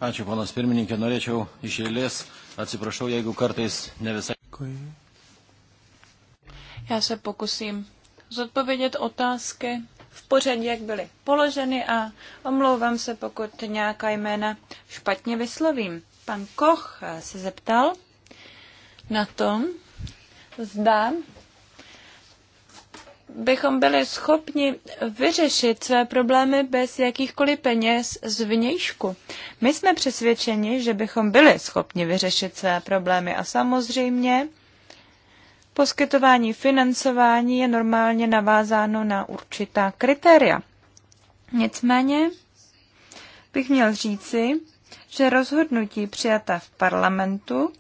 Ačiū, panas pirmininkė, norėčiau iš eilės Atsiprašau, jeigu kartais ne visai. Děkuji. Já se pokusím zodpovědět otázky v pořadí, jak byly položeny a omlouvám se, pokud nějaká jména špatně vyslovím. Pan Koch se zeptal na tom, zda bychom byli schopni vyřešit své problémy bez jakýchkoliv peněz z vnějšku. My jsme přesvědčeni, že bychom byli schopni vyřešit své problémy a samozřejmě poskytování financování je normálně navázáno na určitá kritéria. Nicméně bych měl říci, že rozhodnutí přijata v parlamentu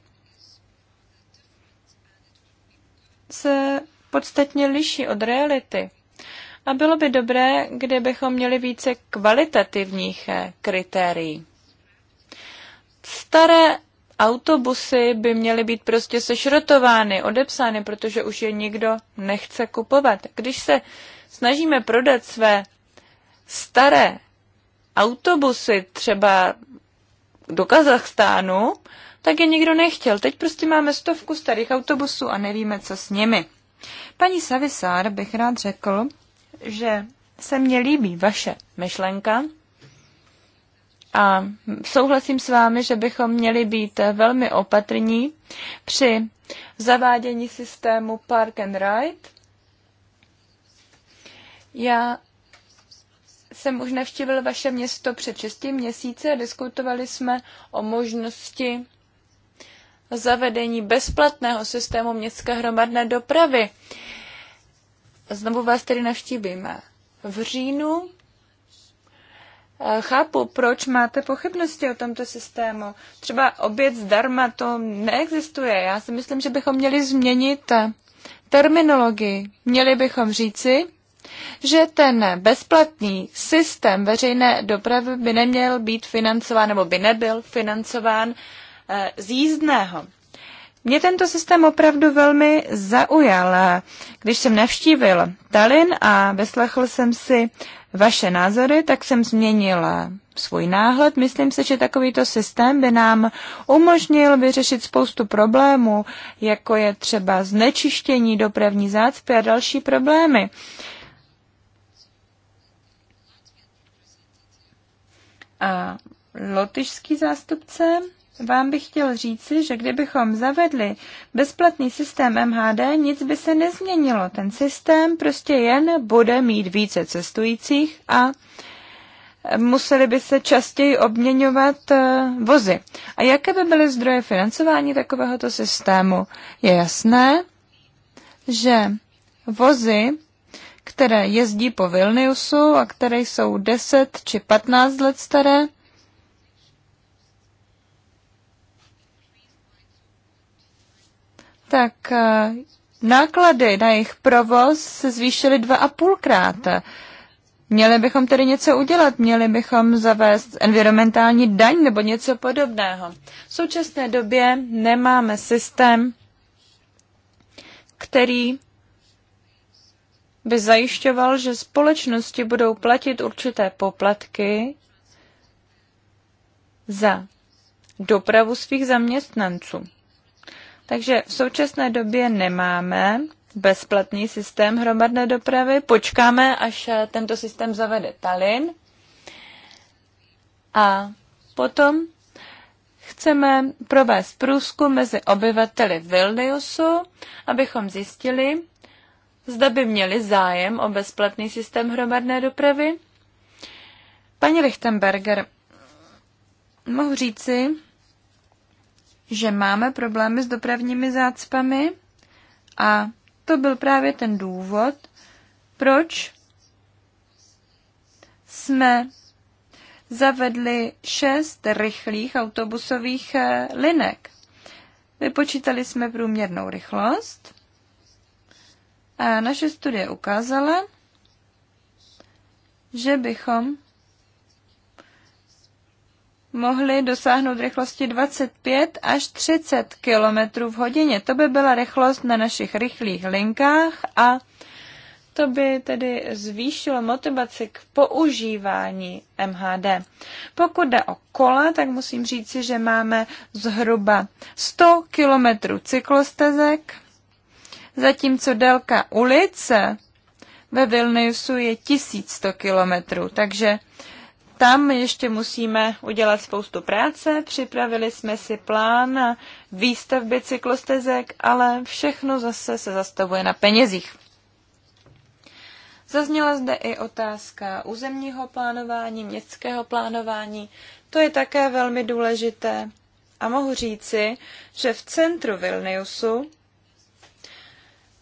se podstatně liší od reality. A bylo by dobré, kdybychom měli více kvalitativních eh, kritérií. Staré autobusy by měly být prostě sešrotovány, odepsány, protože už je nikdo nechce kupovat. Když se snažíme prodat své staré autobusy třeba do Kazachstánu, tak je nikdo nechtěl. Teď prostě máme stovku starých autobusů a nevíme, co s nimi. Paní Savisár bych rád řekl, že se mně líbí vaše myšlenka a souhlasím s vámi, že bychom měli být velmi opatrní při zavádění systému Park and Ride. Já jsem už navštívil vaše město před 6 měsíce a diskutovali jsme o možnosti zavedení bezplatného systému městské hromadné dopravy. Znovu vás tedy navštívíme. V říjnu eh, chápu, proč máte pochybnosti o tomto systému. Třeba oběd zdarma to neexistuje. Já si myslím, že bychom měli změnit eh, terminologii. Měli bychom říci, že ten bezplatný systém veřejné dopravy by neměl být financován nebo by nebyl financován z jízdného. Mě tento systém opravdu velmi zaujal. Když jsem navštívil Tallinn a vyslechl jsem si vaše názory, tak jsem změnil svůj náhled. Myslím si, že takovýto systém by nám umožnil vyřešit spoustu problémů, jako je třeba znečištění, dopravní zácpy a další problémy. A lotyšský zástupce vám bych chtěl říci, že kdybychom zavedli bezplatný systém MHD, nic by se nezměnilo. Ten systém prostě jen bude mít více cestujících a museli by se častěji obměňovat eh, vozy. A jaké by byly zdroje financování takovéhoto systému? Je jasné, že vozy, které jezdí po Vilniusu a které jsou 10 či 15 let staré, tak eh, náklady na jejich provoz se zvýšily dva a půlkrát. Měli bychom tedy něco udělat, měli bychom zavést environmentální daň nebo něco podobného. V současné době nemáme systém, který by zajišťoval, že společnosti budou platit určité poplatky za dopravu svých zaměstnanců. Takže v současné době nemáme bezplatný systém hromadné dopravy. Počkáme, až eh, tento systém zavede Tallinn. A potom chceme provést průzkum mezi obyvateli Vilniusu, abychom zjistili, zda by měli zájem o bezplatný systém hromadné dopravy. Paní Lichtenberger, mohu říci, že máme problémy s dopravními zácpami a to byl právě ten důvod, proč jsme zavedli šest rychlých autobusových eh, linek. Vypočítali jsme průměrnou rychlost a naše studie ukázala, že bychom mohli dosáhnout rychlosti 25 až 30 km v hodině. To by byla rychlost na našich rychlých linkách a to by tedy zvýšilo motivaci k používání MHD. Pokud jde o kola, tak musím říci, že máme zhruba 100 km cyklostezek, zatímco délka ulice ve Vilniusu je 1100 km, takže tam ještě musíme udělat spoustu práce. Připravili jsme si plán výstavby cyklostezek, ale všechno zase se zastavuje na penězích. Zazněla zde i otázka územního plánování, městského plánování. To je také velmi důležité. A mohu říci, že v centru Vilniusu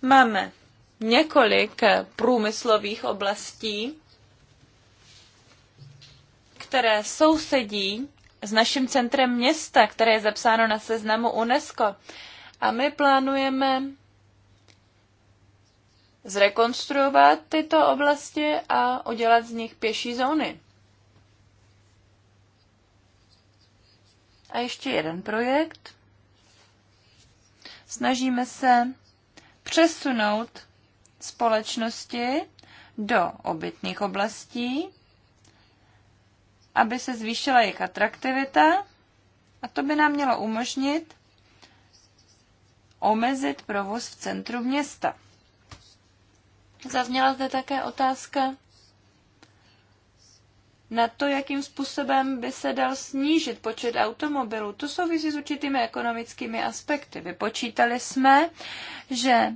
máme několik průmyslových oblastí, které sousedí s naším centrem města, které je zapsáno na seznamu UNESCO. A my plánujeme zrekonstruovat tyto oblasti a udělat z nich pěší zóny. A ještě jeden projekt. Snažíme se přesunout společnosti do obytných oblastí, aby se zvýšila jejich atraktivita a to by nám mělo umožnit omezit provoz v centru města. Zazněla zde také otázka na to, jakým způsobem by se dal snížit počet automobilů. To souvisí s určitými ekonomickými aspekty. Vypočítali jsme, že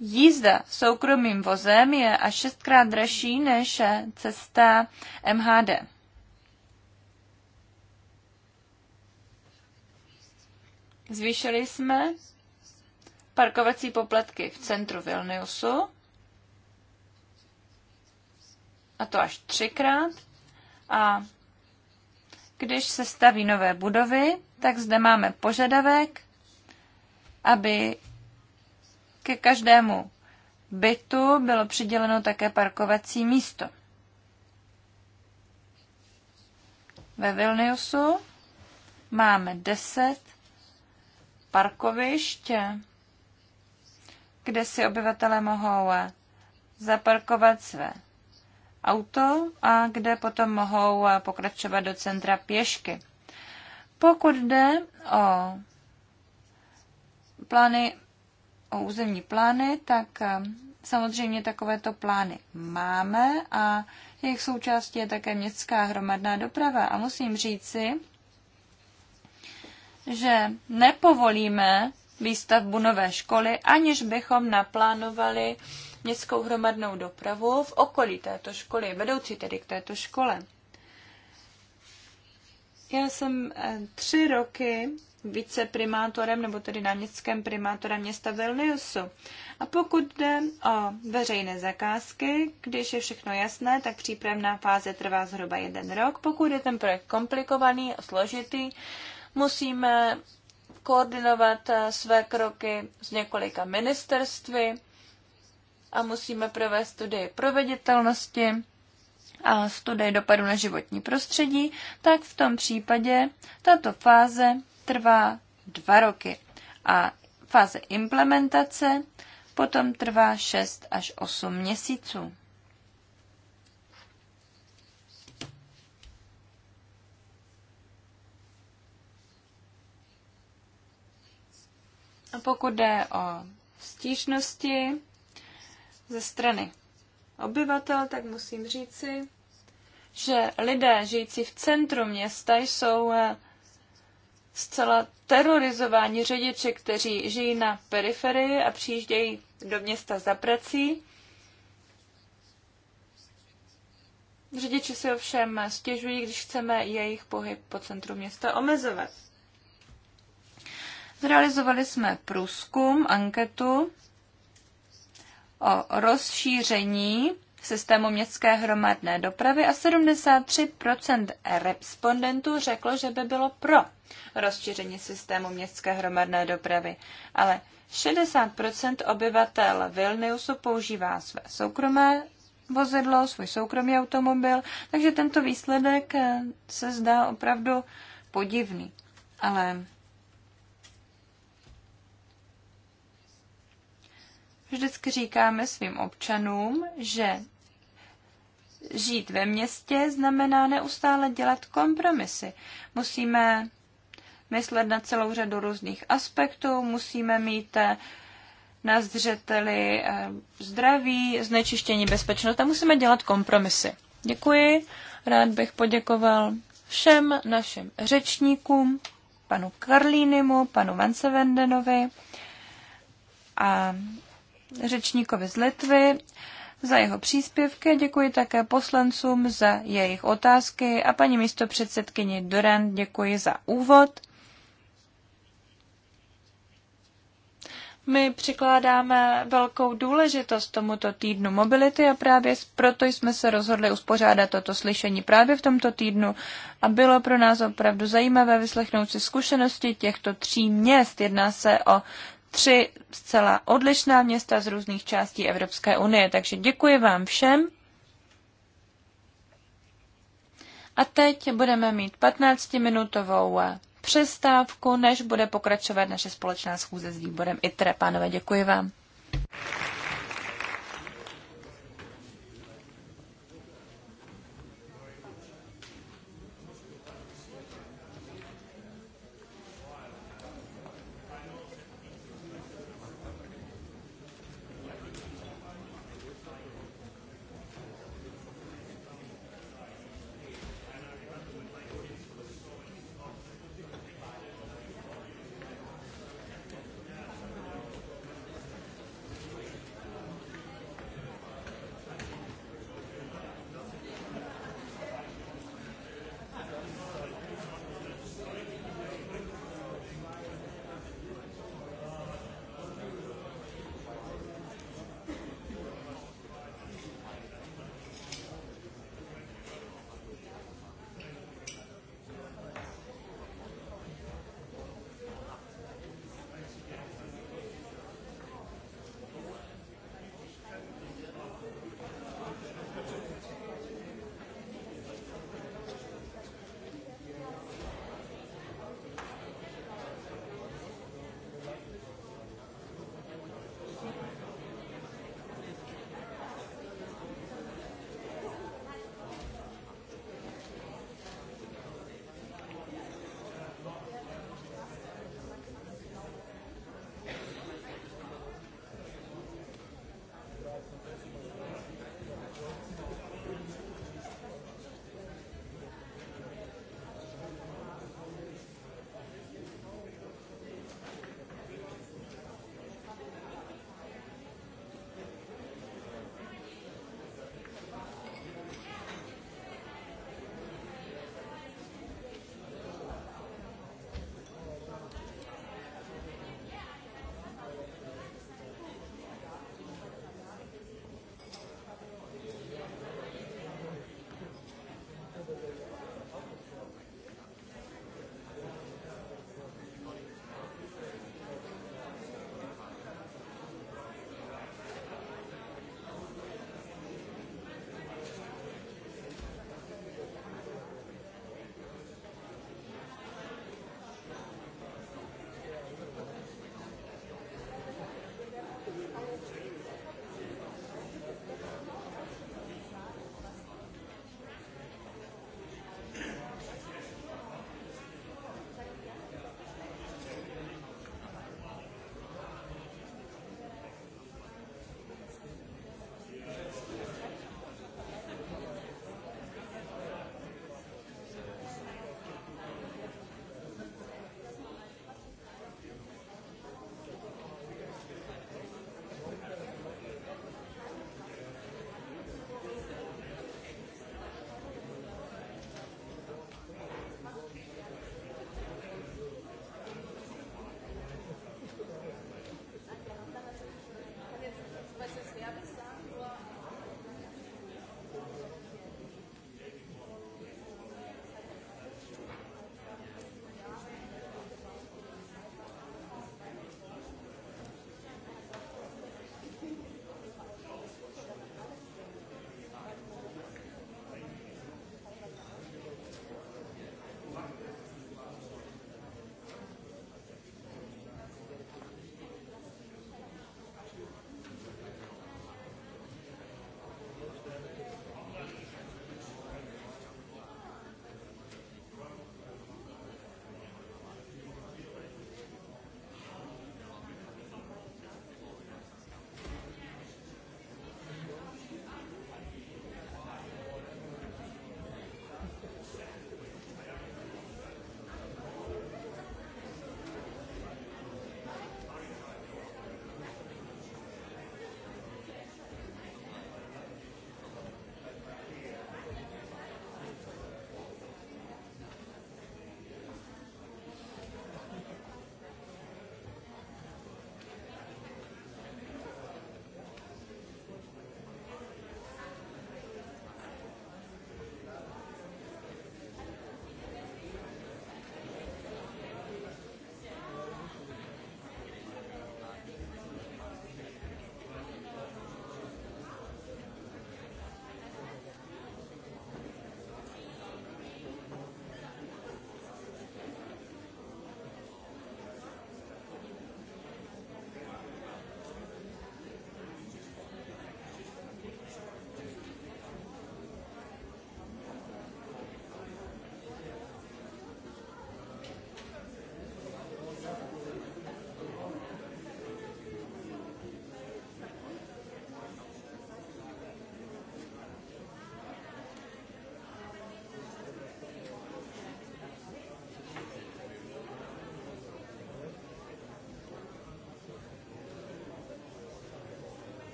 jízda soukromým vozem je až šestkrát dražší než cesta MHD. Zvýšili jsme parkovací poplatky v centru Vilniusu, a to až třikrát. A když se staví nové budovy, tak zde máme požadavek, aby ke každému bytu bylo přiděleno také parkovací místo. Ve Vilniusu máme 10 parkovišť, kde si obyvatelé mohou zaparkovat své auto a kde potom mohou pokračovat do centra pěšky. Pokud jde o plány o územní plány, tak eh, samozřejmě takovéto plány máme a jejich součástí je také městská hromadná doprava. A musím říci, že nepovolíme výstavbu nové školy, aniž bychom naplánovali městskou hromadnou dopravu v okolí této školy, vedoucí tedy k této škole. Já jsem eh, tři roky viceprimátorem nebo tedy náměstském primátorem města Vilniusu. A pokud jde o veřejné zakázky, když je všechno jasné, tak přípravná fáze trvá zhruba jeden rok. Pokud je ten projekt komplikovaný a složitý, musíme koordinovat eh, své kroky s několika ministerstvy a musíme provést studii proveditelnosti a studii dopadu na životní prostředí, tak v tom případě tato fáze trvá dva roky a fáze implementace potom trvá 6 až 8 měsíců. A pokud jde o stížnosti ze strany obyvatel, tak musím říci, že lidé žijící v centru města jsou eh, zcela terorizováni řidiči, kteří žijí na periferii a přijíždějí do města za prací. Řidiči si ovšem stěžují, když chceme jejich pohyb po centru města omezovat. Zrealizovali jsme průzkum, anketu o rozšíření systému městské hromadné dopravy a 73% respondentů řeklo, že by bylo pro rozšíření systému městské hromadné dopravy, ale 60 obyvatel Vilniusu používá své soukromé vozidlo, svůj soukromý automobil, takže tento výsledek eh, se zdá opravdu podivný. Ale vždycky říkáme svým občanům, že žít ve městě znamená neustále dělat kompromisy. Musíme myslet na celou řadu různých aspektů. Musíme mít eh, na zřeteli eh, zdraví, znečištění, bezpečnost a musíme dělat kompromisy. Děkuji. Rád bych poděkoval všem našim řečníkům, panu Karlínimu, panu Vansevendenovi a řečníkovi z Litvy za jeho příspěvky. Děkuji také poslancům za jejich otázky a paní místopředsedkyni Duran děkuji za úvod. My přikládáme velkou důležitost tomuto týdnu mobility a právě proto jsme se rozhodli uspořádat toto slyšení právě v tomto týdnu a bylo pro nás opravdu zajímavé vyslechnout si zkušenosti těchto tří měst. Jedná se o tři zcela odlišná města z různých částí Evropské unie. Takže děkuji vám všem. A teď budeme mít 15-minutovou přestávku, než bude pokračovat naše společná schůze s výborem ITRE. Pánové, děkuji vám.